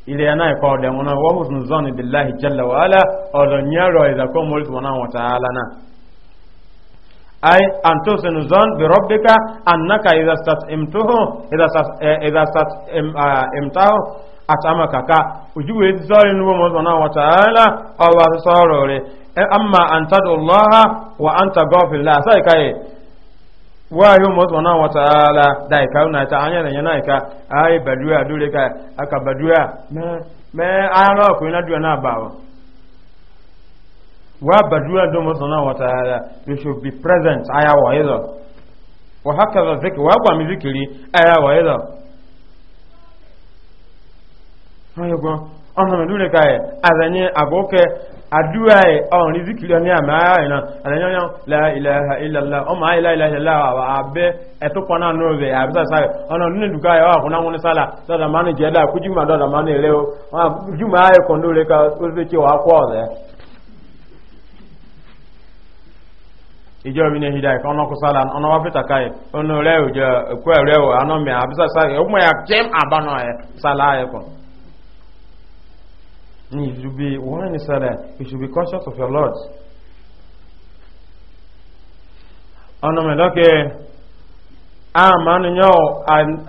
Speaker 1: ile yana iko de mono wa husnu zan billahi jalla wa ala olo nyaro iza ko mo tuna wa ta'ala na ay anto sunu zan bi rabbika annaka idha stat imtuhu idha stat e, idha stat imtahu atama kaka ujuwe zori nuwo mo tuna wa ta'ala o wa sorore amma antadu allaha wa anta ghafil la sai kai wayo mọ́tò náà wọ́n tààlà dáìka ó náà ta anyẹ́rẹ̀ yẹn náà ìka ayé ka aka bàdúrà mẹ́ ara ọkùnrin náà na náà bà wọ́n. wá bàdúrà dúró na náà wọ́n you should be present ayé wọ̀ ẹ́ lọ. wọ́n há kẹfà zikiri wọ́n gbà mí àdúrà ẹ̀ ọ̀rìn zikiri ní àmì ara ìran àlẹ́yọ́yọ́ láìláha ìlàlá ọmọ àìláìlá ìlàlá àbẹ́ ẹ̀tọ́pọ̀ náà nù rẹ̀ àbísàsáyẹ̀ ọ̀nà nínú ìdúkà ẹ̀ wà fún àwọn onísàlà sọ́dà máa ní jẹ́dà kú jùmọ̀ dọ́dà máa ní ilé o jùmọ̀ ayẹ̀ kan lórí ká ó sì kí wà kọ́ ọ̀rẹ́ ìjọ mi ní hidá ẹ̀kọ́ ọ̀nà kùsàlà ọ̀nà wà fìtà káyẹ̀ ọ̀nà rẹ̀ òjò ẹ̀kọ́ you should be when is that you should be conscious of your Lord ọ̀nà mẹ́lọ́kẹ́ àmàánù yóò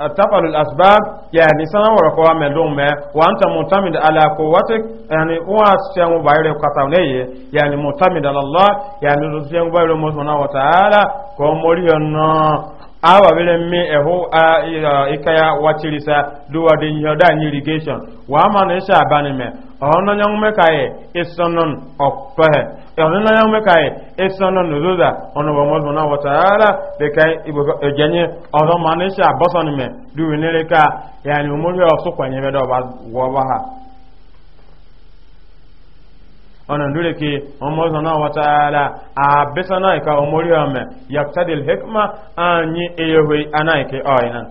Speaker 1: àtàfàlù asbab yà ní sánà wọ̀rọ̀kọ́ mẹ́lọ́n mẹ́ wà ń tàn mọ̀tàmìdà aláàkọ̀wọ́tí yàní wọ́n á sẹ́wọ̀n báyìí kàtà lẹ́yẹ yàní mọ̀tàmìdà lọ́lọ́ yàní sẹ́wọ̀n báyìí mọ̀tàmìdà wọ̀tàálà kọ́ mọ́rí ọ̀nà awa bere mi ehu a ikaya wachirisa duwa de nyoda irrigation wa ma na isha abani me ọ̀nà nyàmúmẹ́ káyẹ̀ ìsọ̀nàn ọ̀pẹ́ ọ̀nà nyàmúmẹ́ káyẹ̀ ìsọ̀nàn lòlódà ọ̀nà wọ̀mọ́sùn náà wọ̀tà rárá lẹ́ka ìjẹnyẹ ọ̀dọ́ máa ní ṣe àbọ́sọ̀nìmẹ̀ dúró nílé ká yàní òmúrí ọ̀sùnkọ̀nyẹ́ bẹ́ẹ̀ dọ̀ wọ́ bá ha ọ̀nà lórí kí ọmọ́sán náà wata ara àbẹ́sán náà ìka ọmọ yàtàdìl hekma ààyí èyẹ̀wé anáìkẹ́ ọ̀ìnà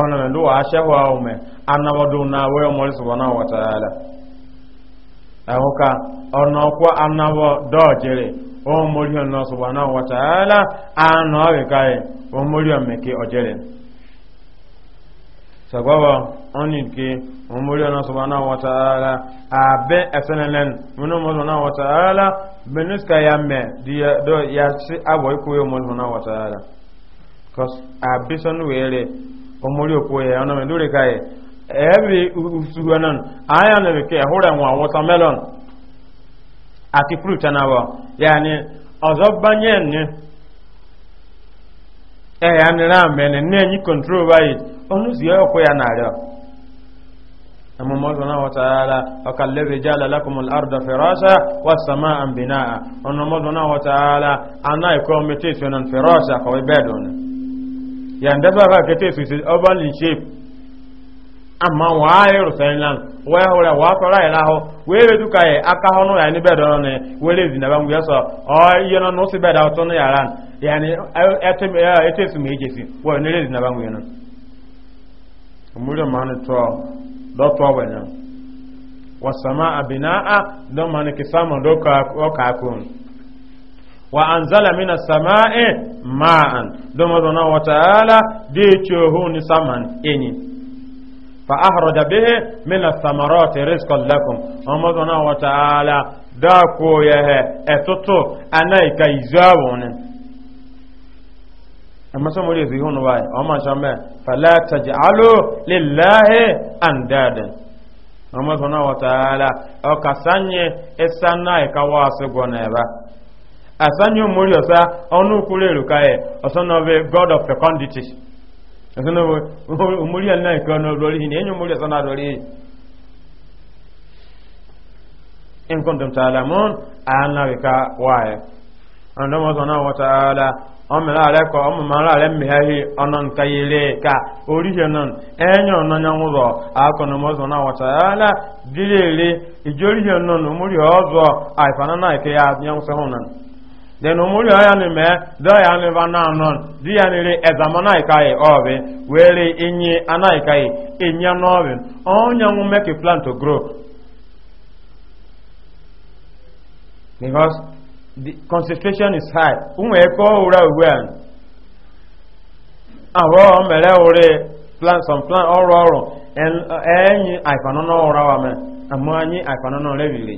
Speaker 1: ọ̀nà mẹ́lú àṣẹ́wà ọmọ anáwọ́dún náà wọ́yọ̀ mọ́rí sọ̀bọ̀nà wọ̀tàrà ẹ̀hùká ọ̀nà ọkwọ́ anáwọ́ dọ́ọ̀jẹ̀rẹ̀ wọ́n mọ́rí ọ̀nà sọ̀bọ̀nà wọ̀tàrà àánà ọ̀rẹ̀káyẹ̀ wọ́n mọ́rí ọ̀mẹ̀kẹ́ ọ̀jẹ̀rẹ̀ sọ̀gbọ́wọ́ ọ̀nìkẹ́ wọ́n mọ́rí ọ̀nà sọ̀bọ̀nà wọ̀tàrà àbẹ́ ẹ̀sẹ̀nẹ̀lẹ́n mọ́nà mọ́sọ̀nà wọ̀tàrà bẹ̀nìsíkà ya mẹ́ díẹ̀ dọ́ omori okwoye ọ̀nà mẹ́dúrí káyẹ̀ ẹ̀ẹ́bì usuhuanan àyà nà wíkẹ́ ẹ̀húrẹ̀ wọn watermelon àti fruit ẹ̀nàwọ̀ yàní ọ̀zọ́ bányẹ̀ ní ẹ̀yà nìra mẹ́ni ní ẹ̀yìn control báyìí ọ̀nà sì ọkọ̀ ya nàrẹ̀ أما مولانا arda وقال الذي جعل لكم الأرض فراشا والسماء بناء أما مولانا وتعالى أنا يكون متيسونا فراشا yandaba ka kete su se urban in shape amma wa ayi rusayin lan wa ya hura wa sora ila ho we be duka aka hono ya ni bedo ne we le zina bangu ya so o ye no no se beda to no ya ran yani etem ete su me jesi wa ne le zina ba nguya no mure man to do to ba na wa samaa binaa do man ki sama do ka ka kun wa anzala mina sama'i ma'an domin zana wa ta'ala da ya ce huni saman eni fa ahraja bihi min as-samarati rizqan lakum amma zana wa ta'ala da ko ya he etoto anai kai zawon amma sai mure zai hono bai amma shamme fala taj'alu lillahi andadan amma zana wa ta'ala o kasanye esanai kawasu gona ba asanye omori ọsa ọnụ kwuru eruka ya ọsọ nọbe god of the ọsọ nọbe omori ọna ọnụ rọrọ ihe na enye omori ọsa na-arọrọ ihe in kuntum ta'lamun ana bika waye ando mo ta'ala o ọnụ laare ko o ma laare mi hahi onon ka ori henon enyo no nyanwuro akono mo sona wa ta'ala den omori ya ni me de ya ni va na di ya ni na ikai obi inyi ana ikai inya obi nwu make plan to grow because the concentration is high unwe ura awo mere plan some plan ọrụ ọrụ enyi me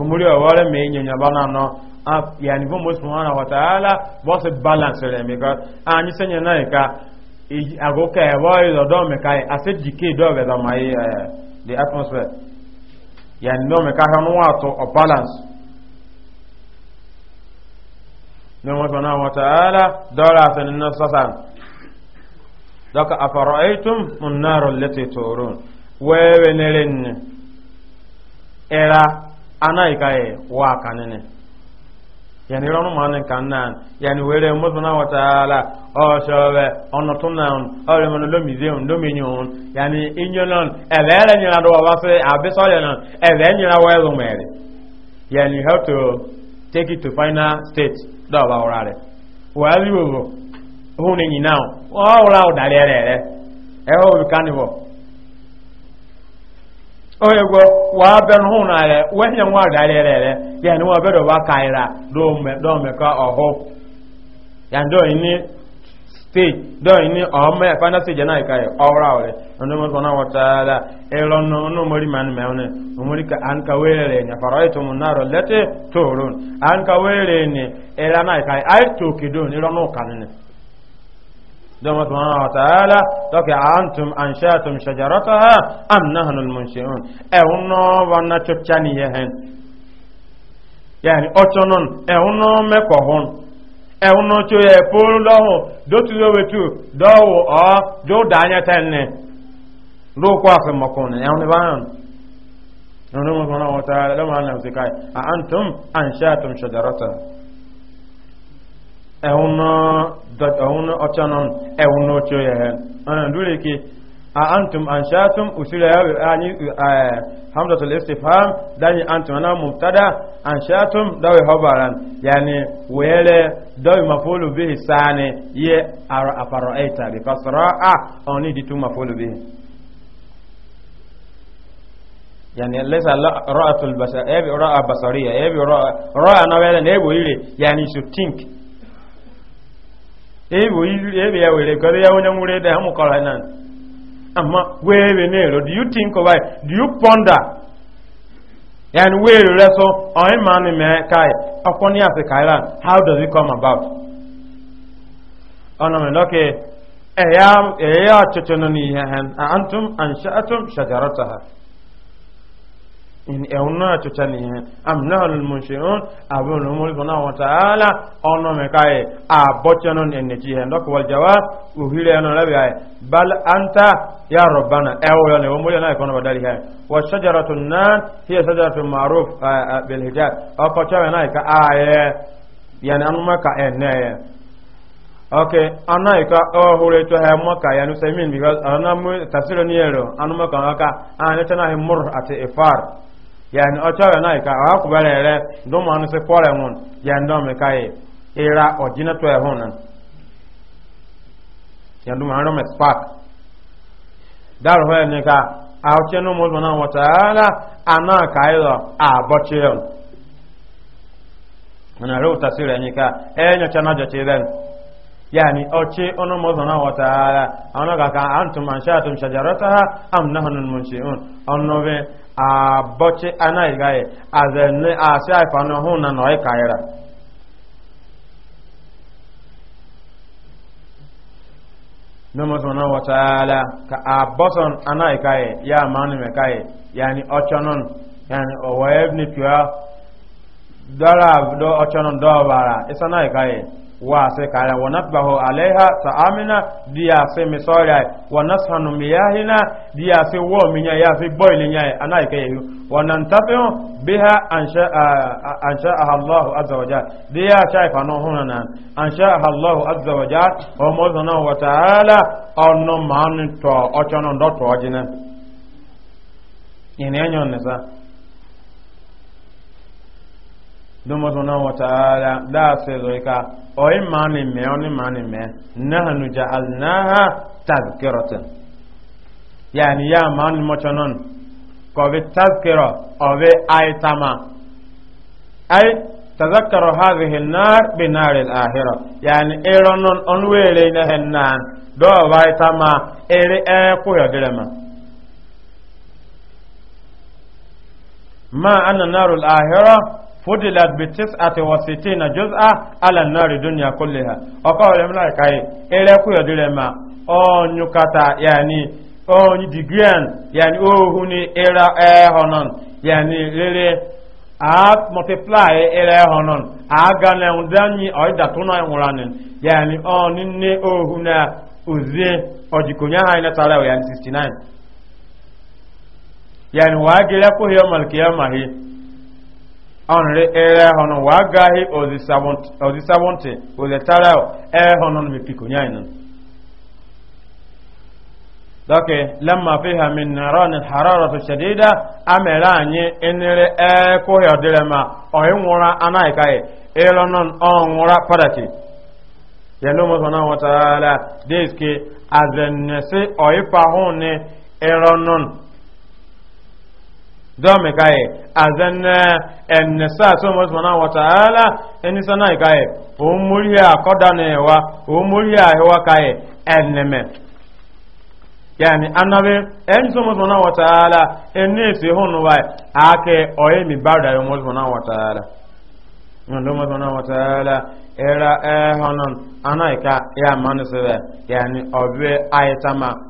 Speaker 1: kumuri awore me nyonya bana no up ah, yani bo mo subhanahu wa ta'ala se balance re mi ka anyi se nyana ka ago ka e wo the atmosphere yani no me ka ha no ato o balance no mo subhanahu wa ta'ala dola san nasasan daka afara'aytum an-nar allati turun wa weneren era ana ikaye wa kanene yani ranu man kannan yani were mutuna wa taala o shobe ono tunan o le mon lo museum do minyon yani inyonon elere nyira do wa se abiso yenon elere nyira wa ezo mere yani how to take it to final state do ba orare wa li wo hu ni now o ora o dalere re e o bi oyego wa ben huna le wenya wa dalere le ya ni wa bedo wa kaira do me do me ka oho ya ndo ini stage do ini o me fa na stage na kai ora ore ndo mo bona wa taala e lo no no mori man me one o mori ka an ka were nya faraitu e, munaro lete torun an ka were ni era na kai ai e, to kidon ni lo no kanene dọ́mọ̀ tó hàn ọ̀tàálá lọ́kẹ̀ àántùm àǹṣàtùm ṣàjàrọ́tà ha àm náà nù mùsùlùmí ẹ̀hún náà wọn náà tó chá ni yẹn yẹn ọ̀tọ̀ náà ẹ̀hún náà mẹ́kọ̀ hún ẹ̀hún náà tó yẹ pólú lọ́hùn dótú lówetú dọ́wù ọ́ dóòdà ányá tẹ́ni lóòkó àfẹ́mọ̀kùnrin ẹ̀hún ni báyìí nínú náà wọ́n tààlà lọ́mọ àná ehun ochanon ehun ocho yehen ana dure ke a antum anshatum usira ya ani hamzatul istifham dani antum ana mubtada anshatum dawi habaran yani wele dawi mafulu bihi sane ye ara afaraita bi kasra a oni ditu mafulu bihi yani lesa ra'atul basar ebi ra'a basariya ebi ra'a ra'a na wele ne bo yani should think ebe oyiri ebe ya were kọrọ ya onye nwụrụ ede ha mụkọrọ na ama wee ebe na-ero do you think of it do you ponder and wee rere so Onye oh, ma ni mee kai ọkwọ ni asị kaira how does it come about ọnọ mere dọkị ẹ̀yà ọ̀chọ̀chọ̀ nọ n'ihe ha antum ansha'atum shajarataha in ẹ̀húnná àtútà nìyẹn amnáhùn mùsùlùmí àbúrò mọ́lùkọ́ náà wọ́n tààlà ọ̀nà mẹ́ka ẹ̀ àbọ̀tẹ́nà ẹ̀nẹ̀tì ẹ̀ ǹdọ́kọ̀wọ́ jẹ́wà òhìrẹ́ ẹ̀nà rẹ̀ bíi bal anta ya rọ̀bánà ẹ̀wọ̀ yọ̀ nìwọ̀n mọ́lùkọ́ náà ẹ̀kọ́ náà bá dárí ẹ̀ maruf bilhijja ọkọ̀ tẹ́wẹ̀ náà ẹ̀ka ààyẹ yẹn anú okay ana ohure to ha maka ya semin because ana mu tafsiro ni ero anu maka aka ana yani ọchọrọ na ika ọ kwụbara ere ndụmọ anụ sị kwọrọ nwụn ya ka ọmịka e, na ya ndụmọ anụ mẹ spak darụ hụ ẹni ka ahụchị ya na rịa ụtasịrị ẹni ka ẹnyocha na ọjọchị e ya yani ọchị ọnụ mọzọ na wọtara anụ ka ka antum anshatum shajarataha am ọnụ a bọchị anaghị gaghị azenne asị aifanụ hụ na nọị kaịra nomasona wataala ka a bọsọn anaghị kaị ya manu me kaị yani ọchọnọn yani ọwọ ebni pịa dọla ọchọnọn dọbara ịsa anaghị kaị waase kala wanasbahu alaiha sa'amina diya se misora wanashanu miyahina diya se wo minya ya se boil nya ana ke yu wanantafiu biha ansha ansha Allah azza wa jalla diya shay fanu hunana ansha Allah azza wa jalla o mo zona wa ta'ala onu man to ochono ndo dumusuna wataala daa sezo ka o yi maani mɛ o ni maani mɛ nahanu ja'alnaha tazkiratan yaani yaa maani mɔcɔnɔn ko bi tazkira o bi ayi tama ayi tazakaro hadhihi naar bi naari al-akhira yaani ironon on weele na hen naan dɔɔ baa tama eri ɛɛ ma. ma ana naaru fudilat bi tis'ati wa sittina juz'a ala nari dunya kulliha oko le mla kai ere ku yodire ma onyukata yani onyi digrian yani ohu ni era ehonon yani rere a multiply ere ehonon aga na undanyi oida tuna enwuranin yani oni ne ohu na uzie ha ina tara yani 69 yani wa gele ku hiyo ọnụrị ere ọnụ wa agaghị ozisabụntị ozetara ere ọnụ mepiko nye anyị dọkị lamma fiha min naran hararatu shadida amere anyị enere ekwughị ọdịrị ma ọhị nwụra anaghị kaghị ịlọnọn ọnwụra padaki yẹlú mọ́sánà wọn tààrà dẹ́ẹ̀sì azẹ̀nẹ̀sí ọ̀yípa hùn ní ẹ̀rọ náà dɔmi ka ye azɛnɛ ɛnisa sɔmɔ sɔmɔna wɔtaala ɛnisana yi ka ye o mori a kɔdani wa o mori a wa ka ye ɛnɛmɛ yanni anabi ɛnisɔmɔ sɔmɔna wɔtaala ɛnisi hɔn wa ye ake ɔye mi ba da yɔmɔ sɔmɔna wɔtaala ŋɔndɔmɔ sɔmɔna wɔtaala ɛra ɛhɔnɔn ana yi ka ya ma ni sɛbɛ yanni ɔbi ayetama.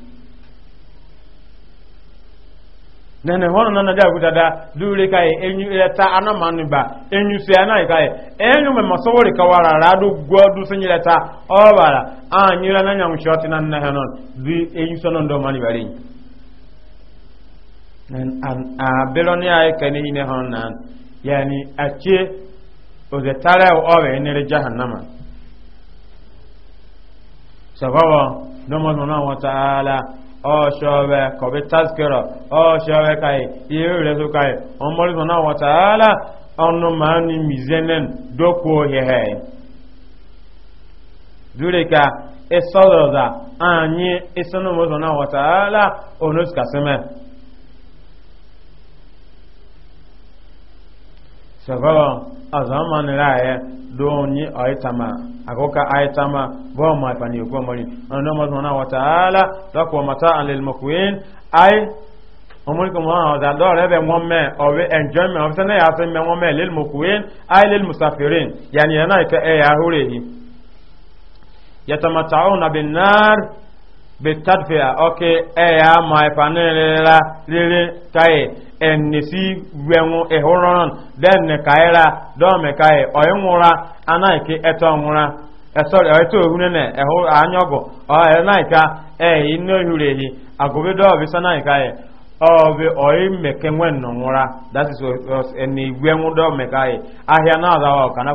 Speaker 1: nene hono nana da gudada dure kai enyu eta ana manuba enyu se ana e kai enyu me masowori kawara radu godu na nyam shoti nan na hanon bi enyu sonon do mani bari nan an a beloni ay e, kani ine honan yani ache o de tare o obe ne jahannama nomo ta'ala ọ̀ṣọ́wẹ́ kọ̀bí tásíkẹ̀rọ̀ ọ̀ṣọ́wẹ́ káyẹ̀ yíò rẹ̀ tó káyẹ̀ ọmọlẹ́sọ̀ náà wọ́n tààlà ọ̀nà máa ní mìzẹ́nẹ́n dọ́kọ̀ hẹ̀hẹ̀ dúrẹ́ka ìsọ̀rọ̀dà ànyí ìsọ̀nàmọ́sọ̀ náà wọ́n tààlà onóṣìkàsímẹ́ sọ̀rọ̀ azama ni raye don yi aitama agoka aitama bo ma fani ko mari anno ma subhanahu wa ta'ala takwa mata'an lil muqwin ay omori ko ma da do re be won me o we enjoyment of tana ya se me won me lil muqwin ay lil musafirin yani yana ka e ya hurehi yatamata'una bin nar bitadfi'a okay e ya ma fani la lele enisi wenwu ihụrụrọn e den kaira domekae oinwụra anaghịke eto nwụra e sorry eto ohune na ehu anyọgụ ọnaika ee inohuru ehi agụbido ọbisa naikae ọbị oimeke nwe nnọ nwụra that is enigwenwu domekae ahịa na ọkana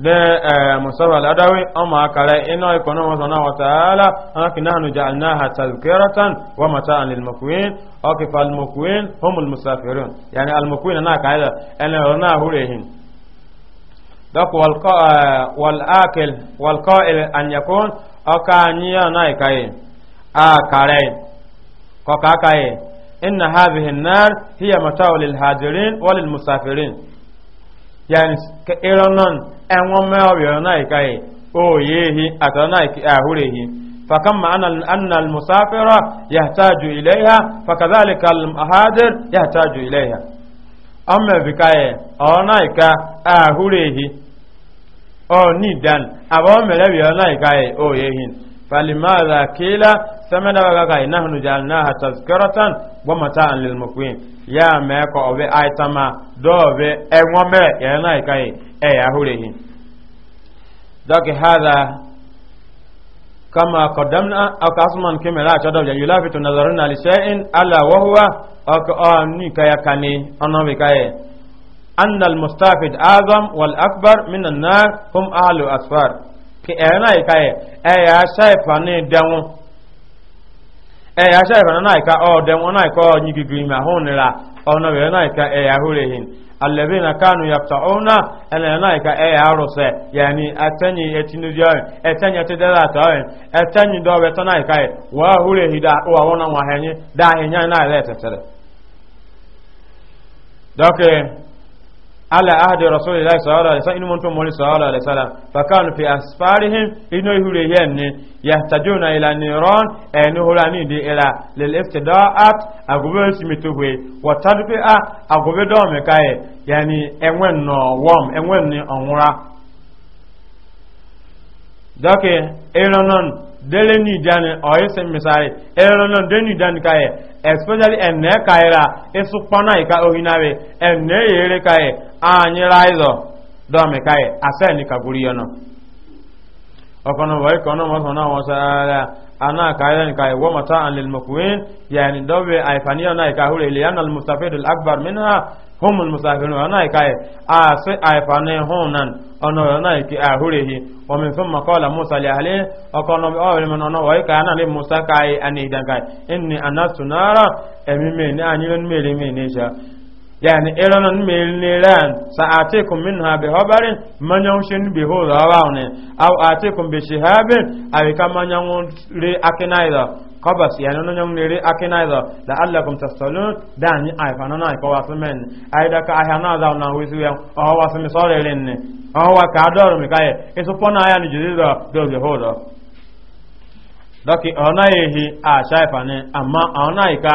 Speaker 1: de musafa aladawi ama kare ino ikono wa sana wa taala anaki nahnu ja'alnaha tazkiratan wa mata'an lil muqwin aki fal muqwin al musafirun yani al muqwin na kaida ana na hurehin dak wal wal akil wal qa'il an yakun akaniya na kai akare ko ka kai ان هذه النار هي hiya للهاجرين وللمسافرين yani ka iran nan en wọn mẹ́wàá bẹ̀rẹ̀ náà ìka yìí ó فكما أن المسافر يحتاج إليها فكذلك المهاجر يحتاج إليها أما بكاية أو نايكا أو نيدان أبو ملبي أو نايكا أو يهين فلماذا كيلا سمد وغاقا نحن جعلناها تذكرة ومتاعا للمقوين ya mee ka ọ bụ aitama dọọbe enwome ya na ikai e ya hurehi doki hada kama qadamna aw kasman kimela chadab ya yulafitu nazaruna li shay'in ala wa huwa akani kaya kani onobi kaye anna al mustafid azam wal akbar min an nar hum ahlu asfar ki ena ikaye e ya shayfani dawo ee eh, ya na ka o na naika o nyigi grima oh, na eh, ona be naika e eh, yahurehin alladhina kanu yaqta'una ana naika e yaruse yani atanyi etinudio etanyi atedala tawe etanyi do be to naika e wa hure hida wa wona wa da henya na le tetere doke على عهد رسول الله صلى الله عليه وسلم إنهم أنتم صلى الله عليه وسلم فكانوا في أسفارهم إنه يهريهن يحتاجون إلى نيران أنه لاني دي إلى للإفتداءات أقبل سمتوه وتدفئة أقبل دوم كاي يعني أمون وام أمون أمورا دوكي إيرانون دلني داني أو يسمي ساري إيرانون دلني داني كاي especially ene kaira isu kpana ika ohinare ene yere kaye anyira izo domi kaye ase ni kaguri yono ọkọ̀nà wà ikọ̀ náà mọ́sàn náà wọ́n sára ana kaira ni kaye wọ́n mata an lil mukwin yani dobe aifaniya na ika hure ilẹ̀ yana al-mustafi akbar minha humul musafirun ana kai a sai a fane honan ono ana ki a hurehi wa min thumma qala musa li ahli akono bi awli man ono wa ka ana li musa kai ani daga inni anasu nara emi me ni anyi len me le me ne sha yani irin mil niran sa'atikum minha bi habarin manyan shin bi ho rawane aw atikum bi shihabin ay ka manyan re akinaida qabas yani non yan re akinaida la allakum tasalun dani ay fanana ay ko wasmen ay da ka ahana za na wisu yan o wasmi sore len ne o wa ka dor mi kaye eso pona ya ni jidido do bi ho do doki onayi hi a shaifane amma onayi ka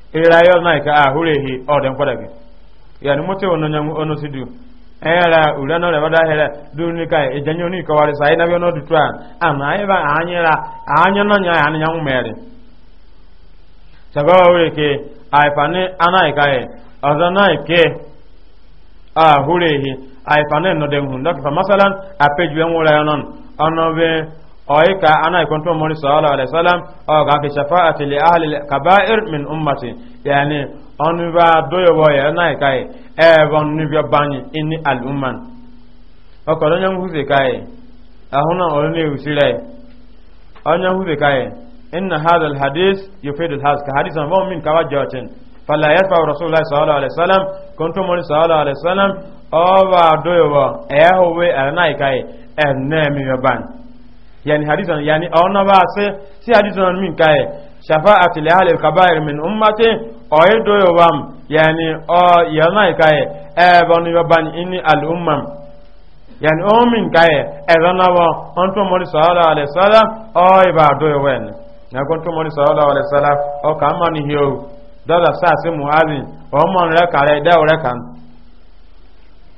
Speaker 1: irayo na ka ahurehi orden kwadage yani mote wononya ono sidu era urano le wada hera duni kai ejanyo ni ko na eba anyira anya no nya anya nwere sabawa weke masalan ọ̀yíká ana ìkùntún mọ́rí sọ́ọ́lọ́ alẹ́sọ́lá ọ̀gá fi ṣafá àti lè áhàlì kàbáìr min ummati yẹni ọ̀nà bá dóyọ̀wọ̀ yẹ náà ìka yẹ ẹ̀ẹ̀bọ̀n níbi ọba ní ní al'umman ọkọ̀ onye húzi ka yẹ ahun náà ọ̀rọ̀ ní ìwúsí rẹ̀ onye húzi ka yẹ inna hada alhadis yufidu alhaz ka hadis an fọ́n min kawa jọtin fala yẹ fa rasulullah sọ́ọ́lọ́ alẹ́sọ́lá kùntún sọ́ọ́lọ́ alẹ́sọ́lá ọba dóyọ̀wọ̀ ẹ̀ẹ́hùwé ẹ̀rẹ́ náà ìka yẹ ẹ̀ẹ́nẹ́mi ọba yani hadithan yani ona ba se si hadithan min kae shafa'ati li ahli al-kaba'ir min ummati oye doyo yani o yana kae e bonu yoban ini al-ummam yani o min kae e zana wa onto mori sallallahu alaihi wasallam o ba doyo na konto mori sallallahu alaihi wasallam o kamani hiyo dada sa se muazin o mon re da o re kan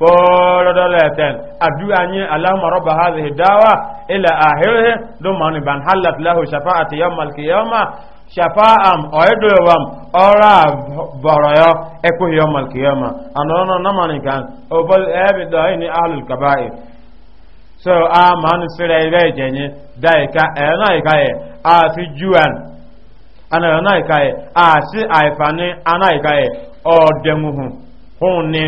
Speaker 1: kọ́rọ́dọ́lẹ́tẹ̀n àdúrà yín aláhùnmọ̀rọ́bà hàzìhì dáwà ilẹ̀ àhírẹ́ lọ́mọ̀ọ́nì bá ń hálàtì láhù ṣàfá àti yọmọ̀lìkì yọmọ̀ ṣàfá àm ọ̀ẹ́dọ̀wàm ọ̀rọ̀ àbọ̀rọ̀yọ ẹkú yọmọ̀lìkì yọmọ̀ ànọ́nà nọ́mọ̀nì kan ọ̀bọ̀l ẹ̀bì dọ̀yìn ní ahlul kabaa'i so a máa ń sẹ́rẹ̀ ilé ìjẹ̀yìn dáìka ẹ̀rọ ìka yẹ àti juwan ana ẹ̀rọ ìka yẹ àti àìfàní anáìka yẹ ọ̀dẹ̀muhùn hún ni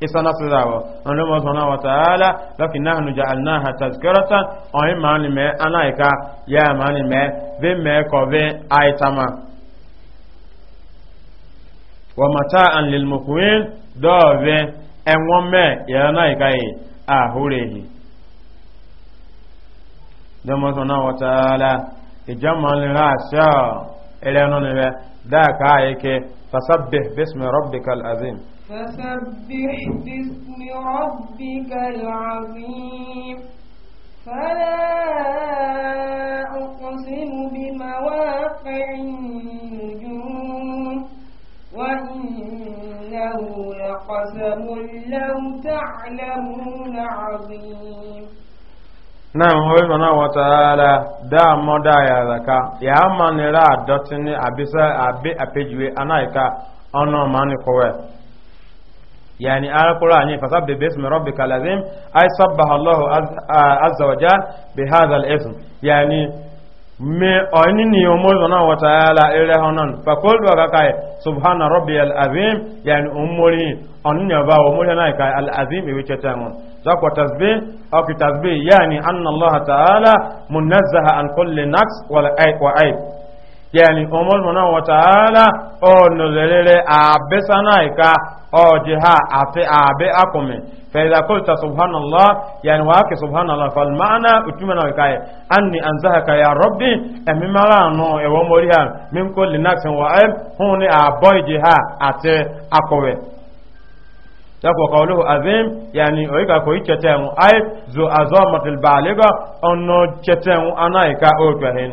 Speaker 1: Isana isala sidawo ono mo sona wa taala lakin nahnu ja'alnaha tazkiratan o imani me anaika ya imani me ve me ko ve aitama wa mata'an lil muqwin do ve enwon me ya anaika yi e, ahurehi do mo sona wa taala ijamal rasha ele no ne da ka ayike fasabbih bismi rabbikal azim
Speaker 2: فسبح باسم ربك العظيم فلا أقسم بمواقع النجوم وإنه لقسم لو تعلمون عظيم
Speaker 1: Naam hoyi mana wa ta'ala da mo da ya zaka ya manira dotini abisa abe apejuwe anaika ono mani kowe yani alqur'ani fasabbih bismi rabbikal azim ay sabbaha allah azza wa jalla bi hadha al ism yani me oni ni omo na wa ta'ala ere honon fa kol do kai subhana rabbiyal azim yani umuri oni ne ba umuri na kai al azim e wice tangon zakwa tasbih au ki tasbih yani anna allah ta'ala munazzaha an kulli naqs wal aib wa aib yani umuri na wa ta'ala o no lele a besana ka ọjìhá àti àbẹ́ akọ̀mẹ̀ fẹ̀dàkọ́ta subhanallah yàni wà ákẹ́ subhanallah falmana òtúmọ̀nà ìkáyẹ̀ anni an zahaka ya rọ́bí ẹ̀mí mara nù ẹ̀wọ̀n mọ́rí hàn mímkó linaxin wà ẹ́ hún ní àbọ̀ ìjìhá àti akọ̀wẹ̀ tako kawuluhu azim yani oika ko ice temu ai zo azo matil baliga onno cetemu anaika o gahin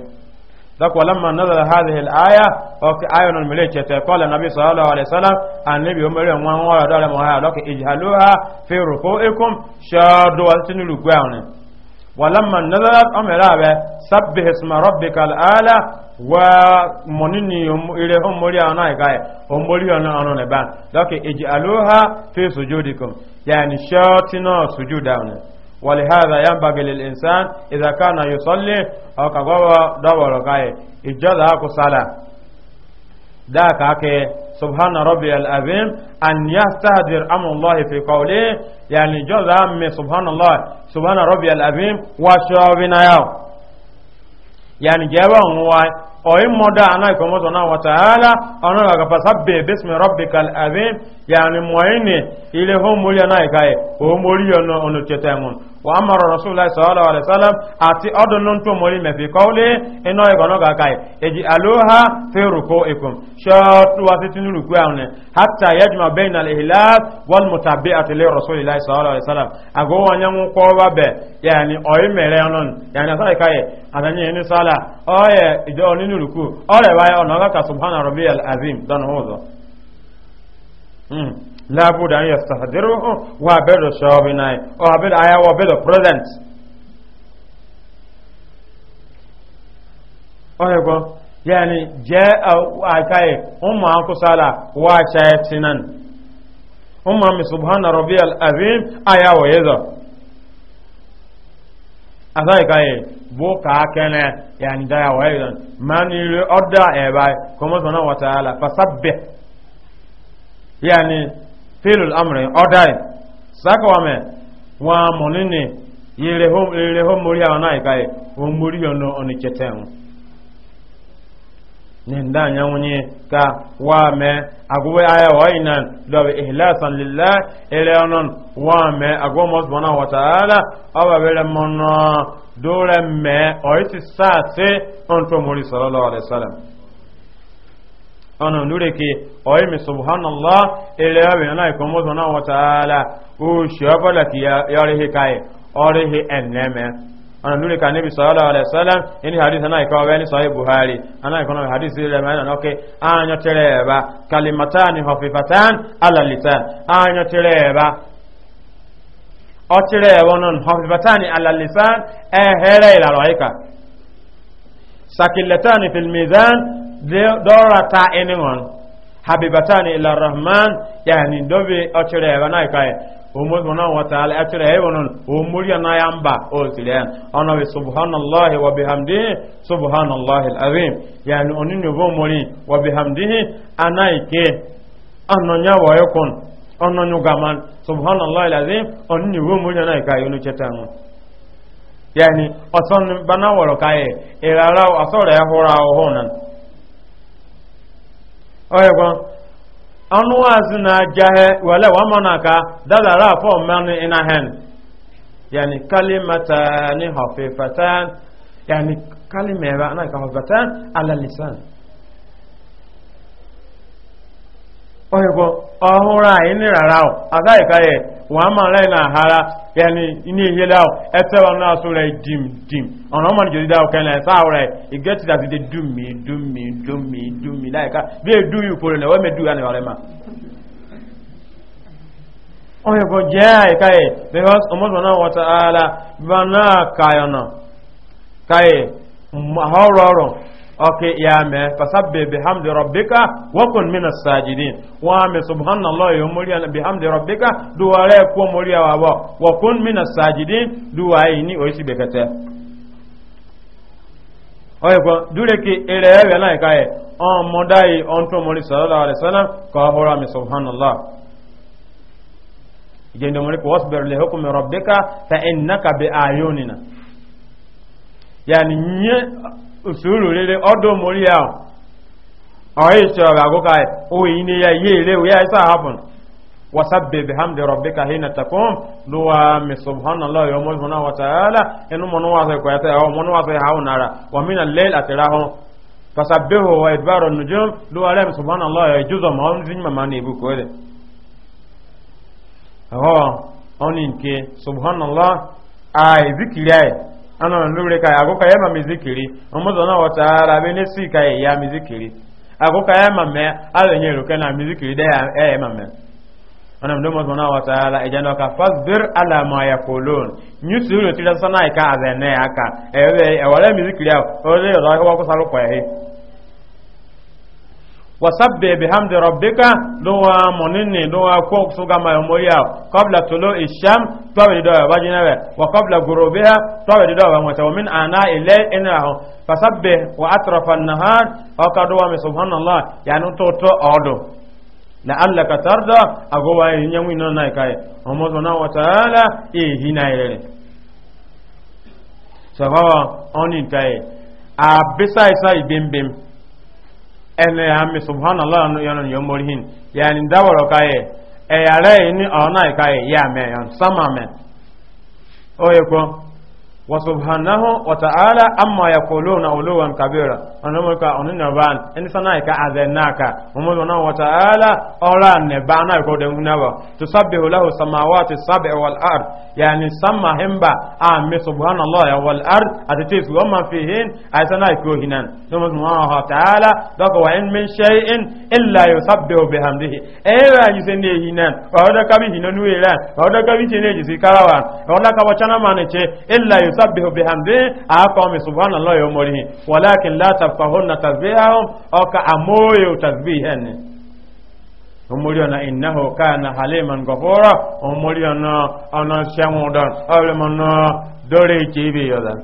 Speaker 1: ذاك ولما نزل هذه الآية أوك آية الملكة قال النبي صلى الله عليه وسلم النبي أمر وان ورد على مها لك اجهلوها في ركوعكم شاد والتنلو ولما نزلت أمر سبح اسم ربك الأعلى ومنني إليهم مريا نايكاي ومريا نانا نبان لك اجعلوها في سجودكم يعني شاتنا سجودنا ولهذا ينبغي للإنسان إذا كان يصلي أو كغوا دور كاي إجازة صلاة ذاك أكي سبحان ربي العظيم أن يستهدر أمر الله في قوله يعني جزء من سبحان الله سبحان ربي العظيم وشعبنا يوم يعني جابه هو oyin moda ana ko mo na wa taala ona ga fa sabbe bismi rabbikal azim yani moyne ile ho muri ana kai o muri ono wa amara rasulillah sallallahu alaihi wasallam ati odun nun to mori me fi qawli ino e gono ga kai eji aluha fi ruku'ikum shatu wa titinu ruku awne hatta yajma baina al ihlal wal mutabi'ati li rasulillah sallallahu alaihi wasallam ago wanya mu ko wa be yani oyi mere onon yani sai kai ananye ni sala oye ijo ninu ruku ore wa ono ga ka subhana rabbiyal azim don hozo mm labuda an yastahdiruhu wa bedo shobi nai o abel aya wa bedo present oye go yani je akai umma an kusala wa shaytinan umma mi subhana rabbiyal azim aya wa yazo asai kai bo ka kene yani da ya wa yazo mani order e bai kuma subhana wa ta'ala fasabbih yani filul amri ọdai sakawame wa monini yere ho mori a ọna ikai o mori ọna ọni chetem ne nda anya nwunye ka wa me agwụwe aya wa ina lọbi ihlasan lillah ere ọnụ wa me agwọ mọsbọna wataala ọbabere mọnọ dore me ọyisi saasị ọntọ mori sallallahu alaihi wasallam ọ̀nà lórí ke ọ̀yí mi subhanallá ilẹ̀ ọ̀bìn náà ikọ̀ mọ́sọ̀ náà wọ́n tààlà ó ṣe ọ́pọ̀lá kí yọrí káyẹ̀ ọ̀rí ẹ̀nẹ́mẹ́ ọ̀nà lórí ka níbi sọ́ọ́lá ọ̀rẹ́ sọ́lá ní hadith náà ikọ̀ ọ̀rẹ́ ní sọ́yí buhari náà ikọ̀ náà hadith rẹ̀ mẹ́rin náà kí ányọ́ tẹ́rẹ̀ ẹ̀bá kalimatan hafifatan alalitan ányọ́ tẹ́rẹ̀ ẹ̀bá ọtẹ́rẹ̀ ẹ̀wọ̀n náà dɔrɔta ɛni ŋɔn habibatani ila rahman yani dɔbi ɔtɔrɔ ɛbɛ n'a yi ka ye omo sɔnna wa taala ɛtɔrɔ ɛyɛ wɔn o moriya n'a y'an ba o siri yan ɔnà bi subhanalahi wa bihamdihi subhanalahi alazim yani oni nubo mori wa bihamdihi ana yi ke ɔnɔnya wɔyɔ kun ɔnɔnyu gaman subhanalahi alazim oni nubo moriya n'a yi ka ye olu cɛ tan ŋun yani ɔsɔn bana wɔrɔ ka ye ìrara ɔsɔrɔ ɛhóra ɔhónan. oyekwa ọnụ azụ na-ajahe wale wa mana ka dadara afọ mmanụ hen yani kalimata ni fatan yani kalimera na ka hafifatan ala lisan ọ̀yẹ̀kọ́ ọ̀húnra ìní rárá ọ̀ àtàìká wọ́n máa rẹ̀ náà hara yẹni inú ihe dáwọ̀ ẹ̀tẹ́wà náà sọ rẹ̀ dìm dìm ọ̀nà ọmọ nìjọ́ dídáwọ̀ kẹ́lẹ̀ sáà rẹ̀ ìgẹ́tì dàti dé dùn mí dùn mí láìka bí e dùn yìí fòrò lẹ́wọ́ mẹ́dùn yà nìwàrẹ́ ma. ọ̀yẹ̀kọ́ jẹ́ àìká yẹ because oke ya me fasabbe bihamdi rabbika wa kun min as-sajidin wa me subhanallahi wa muriya bihamdi rabbika duware ko muriya wa ba wa kun min as-sajidin duwaye ni o sibe kete oye ko dure ki ere ewe na ikaye on modai on to muri sallallahu alaihi wasallam ka hora me subhanallah jende muri ko wasbir li hukmi rabbika fa innaka bi ayunina yani nye usuru rere ọdọ mori ya ọyị chọrọ agụka oyi ne ya ihe ire ya isa hapun wasabbe bihamdi rabbika hina takum luwa mi subhanallah yawm subhanahu wa ta'ala enu monu wa sai kwata yawm monu wa sai haunara wa min al-layl atirahu fasabbihu wa idbaru an-nujum luwa lam subhanallah ya juzo ma on jin mama ne bu ko de onin ke subhanallah ai zikira ana nure kai agoka yema mizikiri omozo na wataala bene sika ya mizikiri agoka yema me alenye ruke na mizikiri da ya yema me ana mdomo zona wataala ejano ka fasbir ala ma yaqulun nyusuru tira sana ka azene aka ewe ewale e, mizikiri awo ole yo da ko salu ko ehe wasabbe bihamdi rabbika dowa monini dowa ko suga ma moya qabla tulu isham tawe do wa jinawe wa qabla gurubiha tawe do wa mata min ana ila inahu fasabbe wa atrafa an-nahar wa qadwa mi subhanallah yani to to odo la allaka tarda agowa nyanwi no nai kai omo so na wa taala e hinaire sabawa onin kai a bisa isa ibembem ene ya mi subhanallah no ya yo morihin yani dawaro kaye e yare ni ona kaye ya me yon sama me oye وسبحانه وتعالى أما يقولون علوا كبيرا أنهم كأن نبان إن سنايك أذناك ومولنا وتعالى أولا نبانا يقولون نبا تسبح له السماوات السبع والأرض يعني سما همبا آمي سبحان الله والأرض أتتيس وما فيهن أيسنا يكوهنان ثم سبحانه وتعالى دوك وإن من شيء إلا يسبح بحمده أيوة يسنيهنان وهذا كبيهنان ويلان وهذا كبيهنان جسي كراوان وهذا كبيهنان مانيتي إلا يسبح yusabbihu bihamdi aqami subhanallahi wa murihi walakin la tafqahuna tasbihahum aw ka amoyo tasbihan omori ona innahu kana haliman ghafura omori ona ona shamudan awlemana dore chibi yodan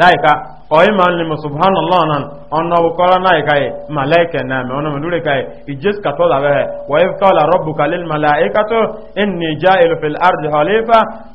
Speaker 1: daika oyiman limu subhanallah nan ọ̀nà ọ̀kọ́rọ̀ náà ìkáyẹ̀ màláìkẹ̀ náà mẹ́ ọ̀nà mẹ́lúrẹ̀ káyẹ̀ ìjẹ́sì kàtọ́ làwẹ́ wọ́n yẹ́ kọ́lá rọ́bù kalil màláìkàtọ́ ẹni já ìlúfẹ̀lẹ̀ halifa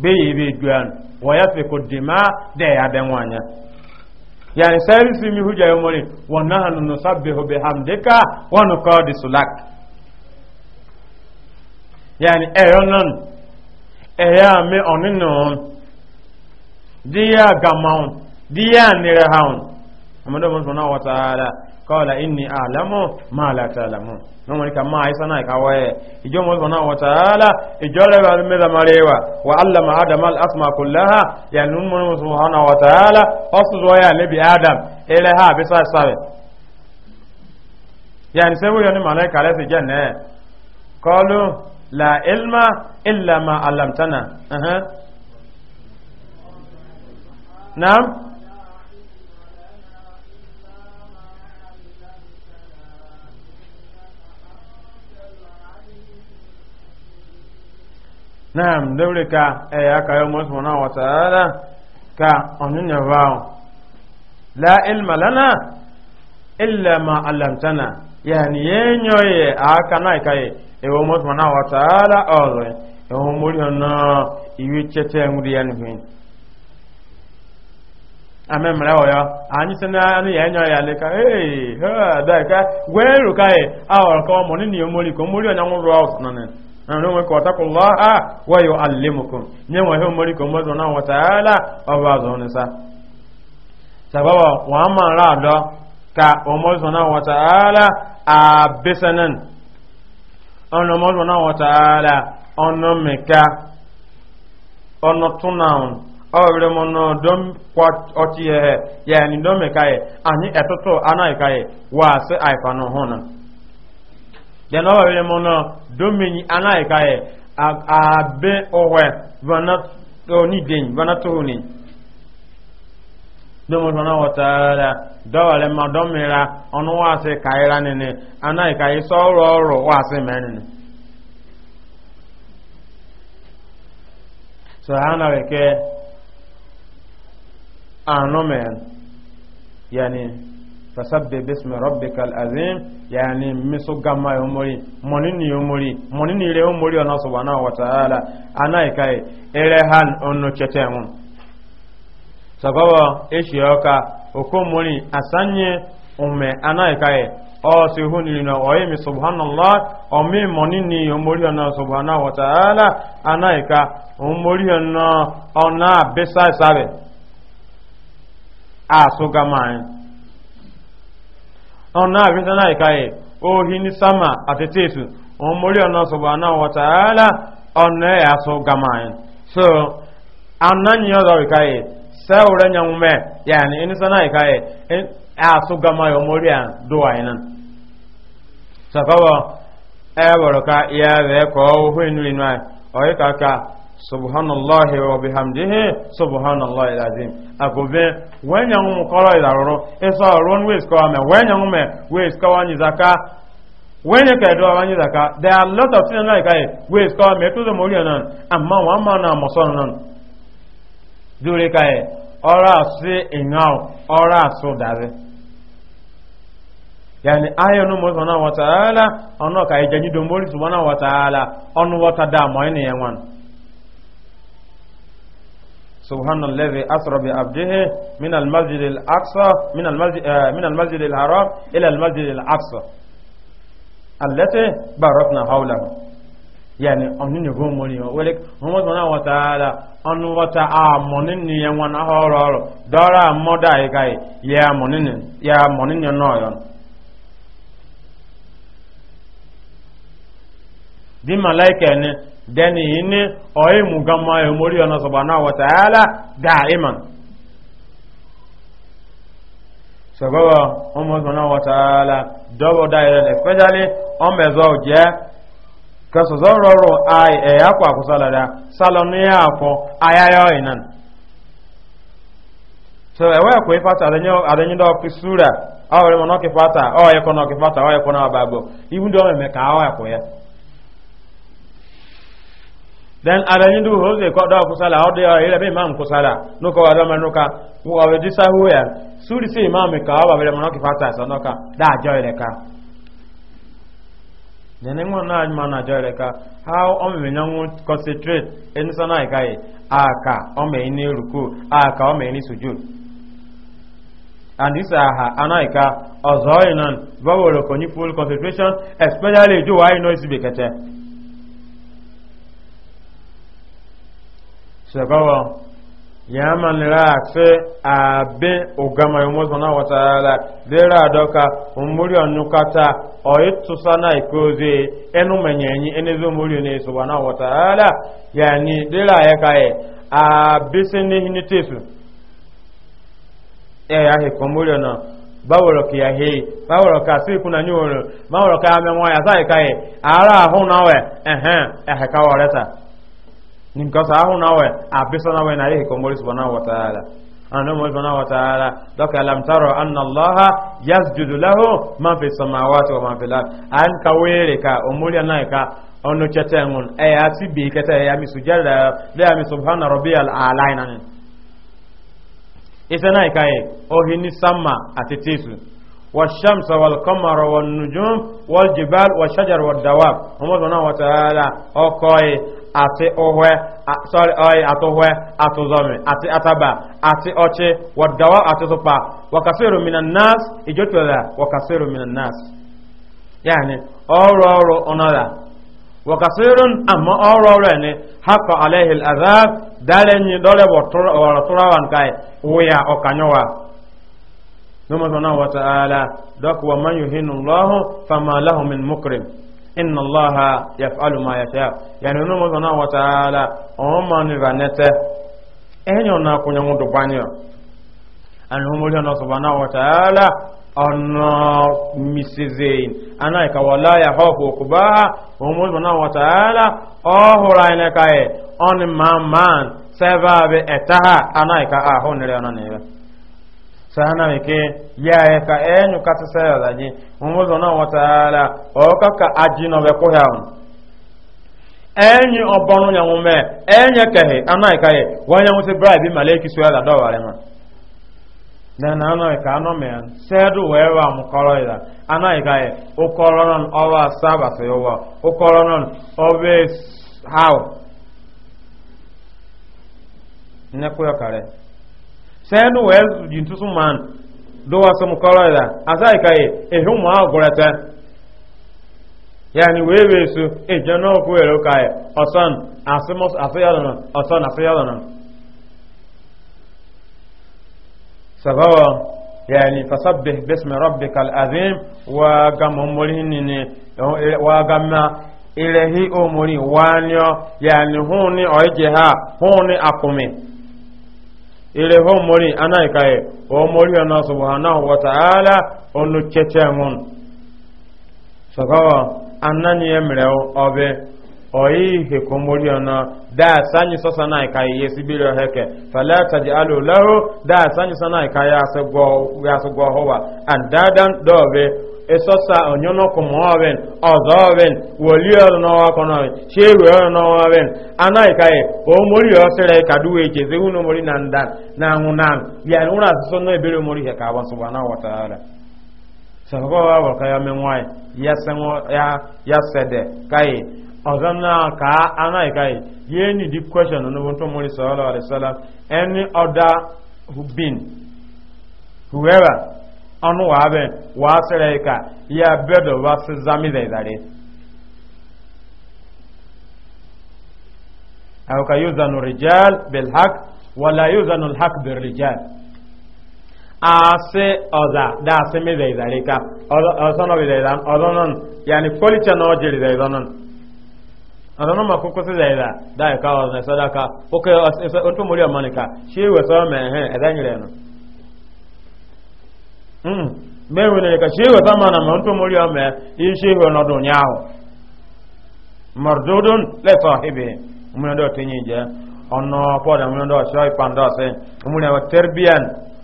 Speaker 1: bẹ́ẹ̀ yìí bẹ́ẹ̀ gbé àná wọ́n yà dì má dẹ̀ yàrá sẹ́rí sí mi hújà yẹn mọ́ni wọn náà nùnú sábẹ́ hó bẹ́ hàmdéka wọn nù kọ́ di sùlák. yàrá ẹ̀yọ́ ẹ̀yà mi ọ̀ní díyà gàmáwọn díyà nírẹ̀ àmọ́dé wọn sọ náà wọ́n kọ́ọ̀lá inni àlámọ́ máa látàlámọ́ wọ́n ní ka máa ìsáná ìkàwọ́ ẹ̀ ìjọ mọ́sánà wọ̀tàálá ìjọ rẹ̀ wà mẹ́ta maríwa wa allama adam al'asma kullaha ya nummar mọ́sánà wọ̀tàálá ọsù Na'am. naam daure ka e ya kayo mo subhanahu wa ka ka onunya wao la ilma lana ila ma 'allamtana yani yenyo ye aka na kai e wo mo subhanahu wa ta'ala na iwi chete ngudi yan ame ya na ani ya ka eh ha da ka gweru ka ni nwe ka ọtakwụlọ a wayo alimukum nye nwe ihe ka mmadụ na wataala ọba azọ nisa sabawa wa ma ka omoriko na wataala a bisanan ọnà na wataala ọnà mẹka ọnà tunaun ọrẹ m náà dọm kwa ọtí ẹhẹ yẹni dọm anyị yẹ àní ẹtọtọ ya yẹ wàásẹ àìfànà hàn den wa wele mono domini anai kae abe owe vana oni den vana tohuni domo sana wataala dawale madomira onu wase kaira nene anai kae soro oro wase menene so weke anomen yani fasabbe bismi rabbikal azim yani miso gamma yo mori monini yo mori monini re yo mori ona subhanahu wa ta'ala anai kai ere han onno chetemu sababa eshiyoka okomori asanye ume anai kai o si huniri na oye mi subhanallah o mi monini yo mori ona subhanahu wa ta'ala anai ka o mori ona ona besa sabe asugama ọ̀nà àfihàn náà ìkáyè ní sámà àti wọn mórí ọ̀nà ṣùgbọ́n náà wọ̀tàálà ọ̀nà ẹ̀yà gama so anáyìn ọ̀dọ̀ ìkáyè sẹ́wọ̀rẹ́ nyàmú yàní ẹni sáná ìkáyè ẹ̀yà sọ gama à dùwà yẹn náà sọfọwọ ẹ ká kọ́ subhanallahi wa bihamdihi subhanallahi alazim agobe wenya ngu koro ilaroro eso run ways ko ame wenya ngu me ways ko anyi zaka ka do anyi zaka there are of things like ways ko to the mori amma wa ma na nan dure kai ora ora so dare yani ayo no mo wa taala ono ka ejanyi do mori subhanahu wa taala da mo سبحان الذي أسرى بعبده من المسجد الأقصى من المسجد, من المسجد الحرام إلى المسجد الأقصى التي باركنا حوله يعني أمني نقوم مني ولك هم سبحانه وتعالى أن وتعامنني يوان أهور دارا مدى إكاي يا منين يا منين نويون دي ملايكة den yini oyi mugamma ya mori yana subhanahu wa ta'ala da'iman sababa ọmọ subhanahu wa ta'ala dọbọ e da yẹn especially ọmọ ẹzọ jẹ kasọsọ rọrọ ayi ẹyà kọ àkọsọlọ rẹ salọnu yẹ akọ ayayọ inan so ẹwọ ẹkọ ifata adẹnyin dọ fi sura ọwọ rẹ mọ nọkì fata ọwọ ẹkọ nọkì fata ọwọ ẹkọ náà bàgbọ ibu dọ mẹmẹ ka ọwọ ẹkọ ya. then adanyi ndu ho ko do kusala o de ile be imam kusala wa suri se imam ka wa bele manaki fata sanoka da joire ka nene ngo na ajma na joire ka how o me concentrate en sana kai aka ah, o me ni ruku aka o me and this ah, anaika bawo shagawa ya ase fe abe ogama yomo zona wataala dera doka umuri onukata oyitu sana ikoze enu menyenyi enezo umuri ne subhana wataala yani dera yakaye abisini hinitisu e ya he komuri na bawolo ki ya he bawolo ka si kuna nyoro bawolo ka amemwa ya sai kai ara ahu nawe ehe ehe ka wareta ni nkasa ahu na we abisa na we na yehi ko mori subhanahu wa ta'ala ana mori subhanahu wa ta'ala daka lam taro anna allah yasjudu lahu ma fi samawati wa ma fi al an kawere ka omuri na ka onu chetengun e ati bi kete ya mi sujada le ya mi subhana rabbiyal a'la ina ni isana ka e ohini sama atetesu والشمس والقمر والنجوم والجبال والشجر والدواب هم سبحانه وتعالى أو كوي àti ọhwẹ sọrí ọyẹ àtọhwẹ àtọzọmi àti àtàbà àti ọchẹ wọdàwọ àti sopa wọkàsẹrù mìíràn nọọsì ìjọtọlà wọkàsẹrù mìíràn nọọsì. yaani ọrụ ọrụ ọnọdụ wakasirun amma ọrụ ọrụ ẹni haka alaihi azab dare nyi dole wọrọ turawan kai wuya ọkanyowa numu sọnà wata ala dọkwa man yuhinu lọhùn fama lahu min mukrim inna allaha yaf'alu ma yasha yani no mo na wa taala o ma ni vanete enyo na kunya mudu banyo an humu ya no subhana wa taala anna misizain ana ka wala ya hofu kubaha humu subhana wa taala o hura ina kai on man man sababe etaha ana ka ahon re ona ne sana meke ya ka enyu kati saya daji umuzo na wa taala o kaka ajino be ko haun enyi obonu ya ngume enye kehe anai kaye wanya musi bribe maleki suala do wale ma na na anai ka no me sedu wewa mukoro ila anai kaye ukoro non owa sabato yowa ukoro non always how ne kare sɛɛnu wɛl jintusu man do e e e wa sɔmu kɔrɔ la asaayi ka ye ehu mu awo gɔrɛ yaani wee so ejɛ n'o ko yɛrɛ ka ya ɔsɔn asemɔ aseya lɔnà ɔsɔn aseya lɔnà sabawa yaani fasabbih bismi rabbikal azim waa gama mɔlihi nini waa gama ya o ya waaniɔ yaani huuni ɔyɛ jɛ ha huuni akumi. ire ho mori ana ikaye o mori ana subhanahu wa ta'ala onu cheche hun sagawa anani emre obe oyi he ko mori ana da sanyi sosa na ikaye yesi biro heke fala taj'alu lahu da sanyi sana ikaye asego ya asego howa and dadan dobe ịsọsa onyenọkụmọven ọzọven woliọrụ n'ọwa kọnọven sheruọrụ n'ọwa ven anaghịkaghị omori ọsịrị ka duwe chezi hụ n'omori na ndan na anwụ na anụ na nwụrụ asụsụ na ebere omori ihe ka agba nsogbu na wọtara sọgọ wa wọka ya mee nwaanyị ya senwọ ya ya sede ka ị ọzọ na ka anaghị ka ị ya enyi dị kweshọn n'obu ntụmori sọlọ ọrịsọlọ any other who been whoever anu wa abin wa sere ka ya bedo wa su zami zai zare aw ka yuzanu rijal bil haq wala yuzanu al haq bil rijal ase oza da se mi zai zare ka osono bi zai zan ozonon yani policha no jiri zai zonon ozonon ma kuku se zai da da ka ozne sadaka o ke o to mori amanika shi we so me he edanyire no mewere ka shehu ta mana ma nto mori o me i shehu no do nyaawo mardudun le sahibi mun do tinyi je ono ko da mun do shoy panda se mun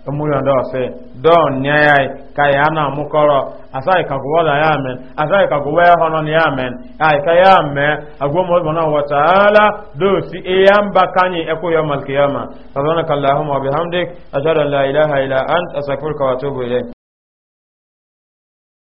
Speaker 1: omuriyan da say don nyaya ka ya na mukoro asai ka go wala ya men asai ka go wa hono ni ya men ai ka agwo mo bona wa taala do si e yamba kanyi e ko yo mal qiyama subhanakallahumma wa bihamdik ashhadu an la ilaha illa ant astaghfiruka wa atubu
Speaker 2: ilayk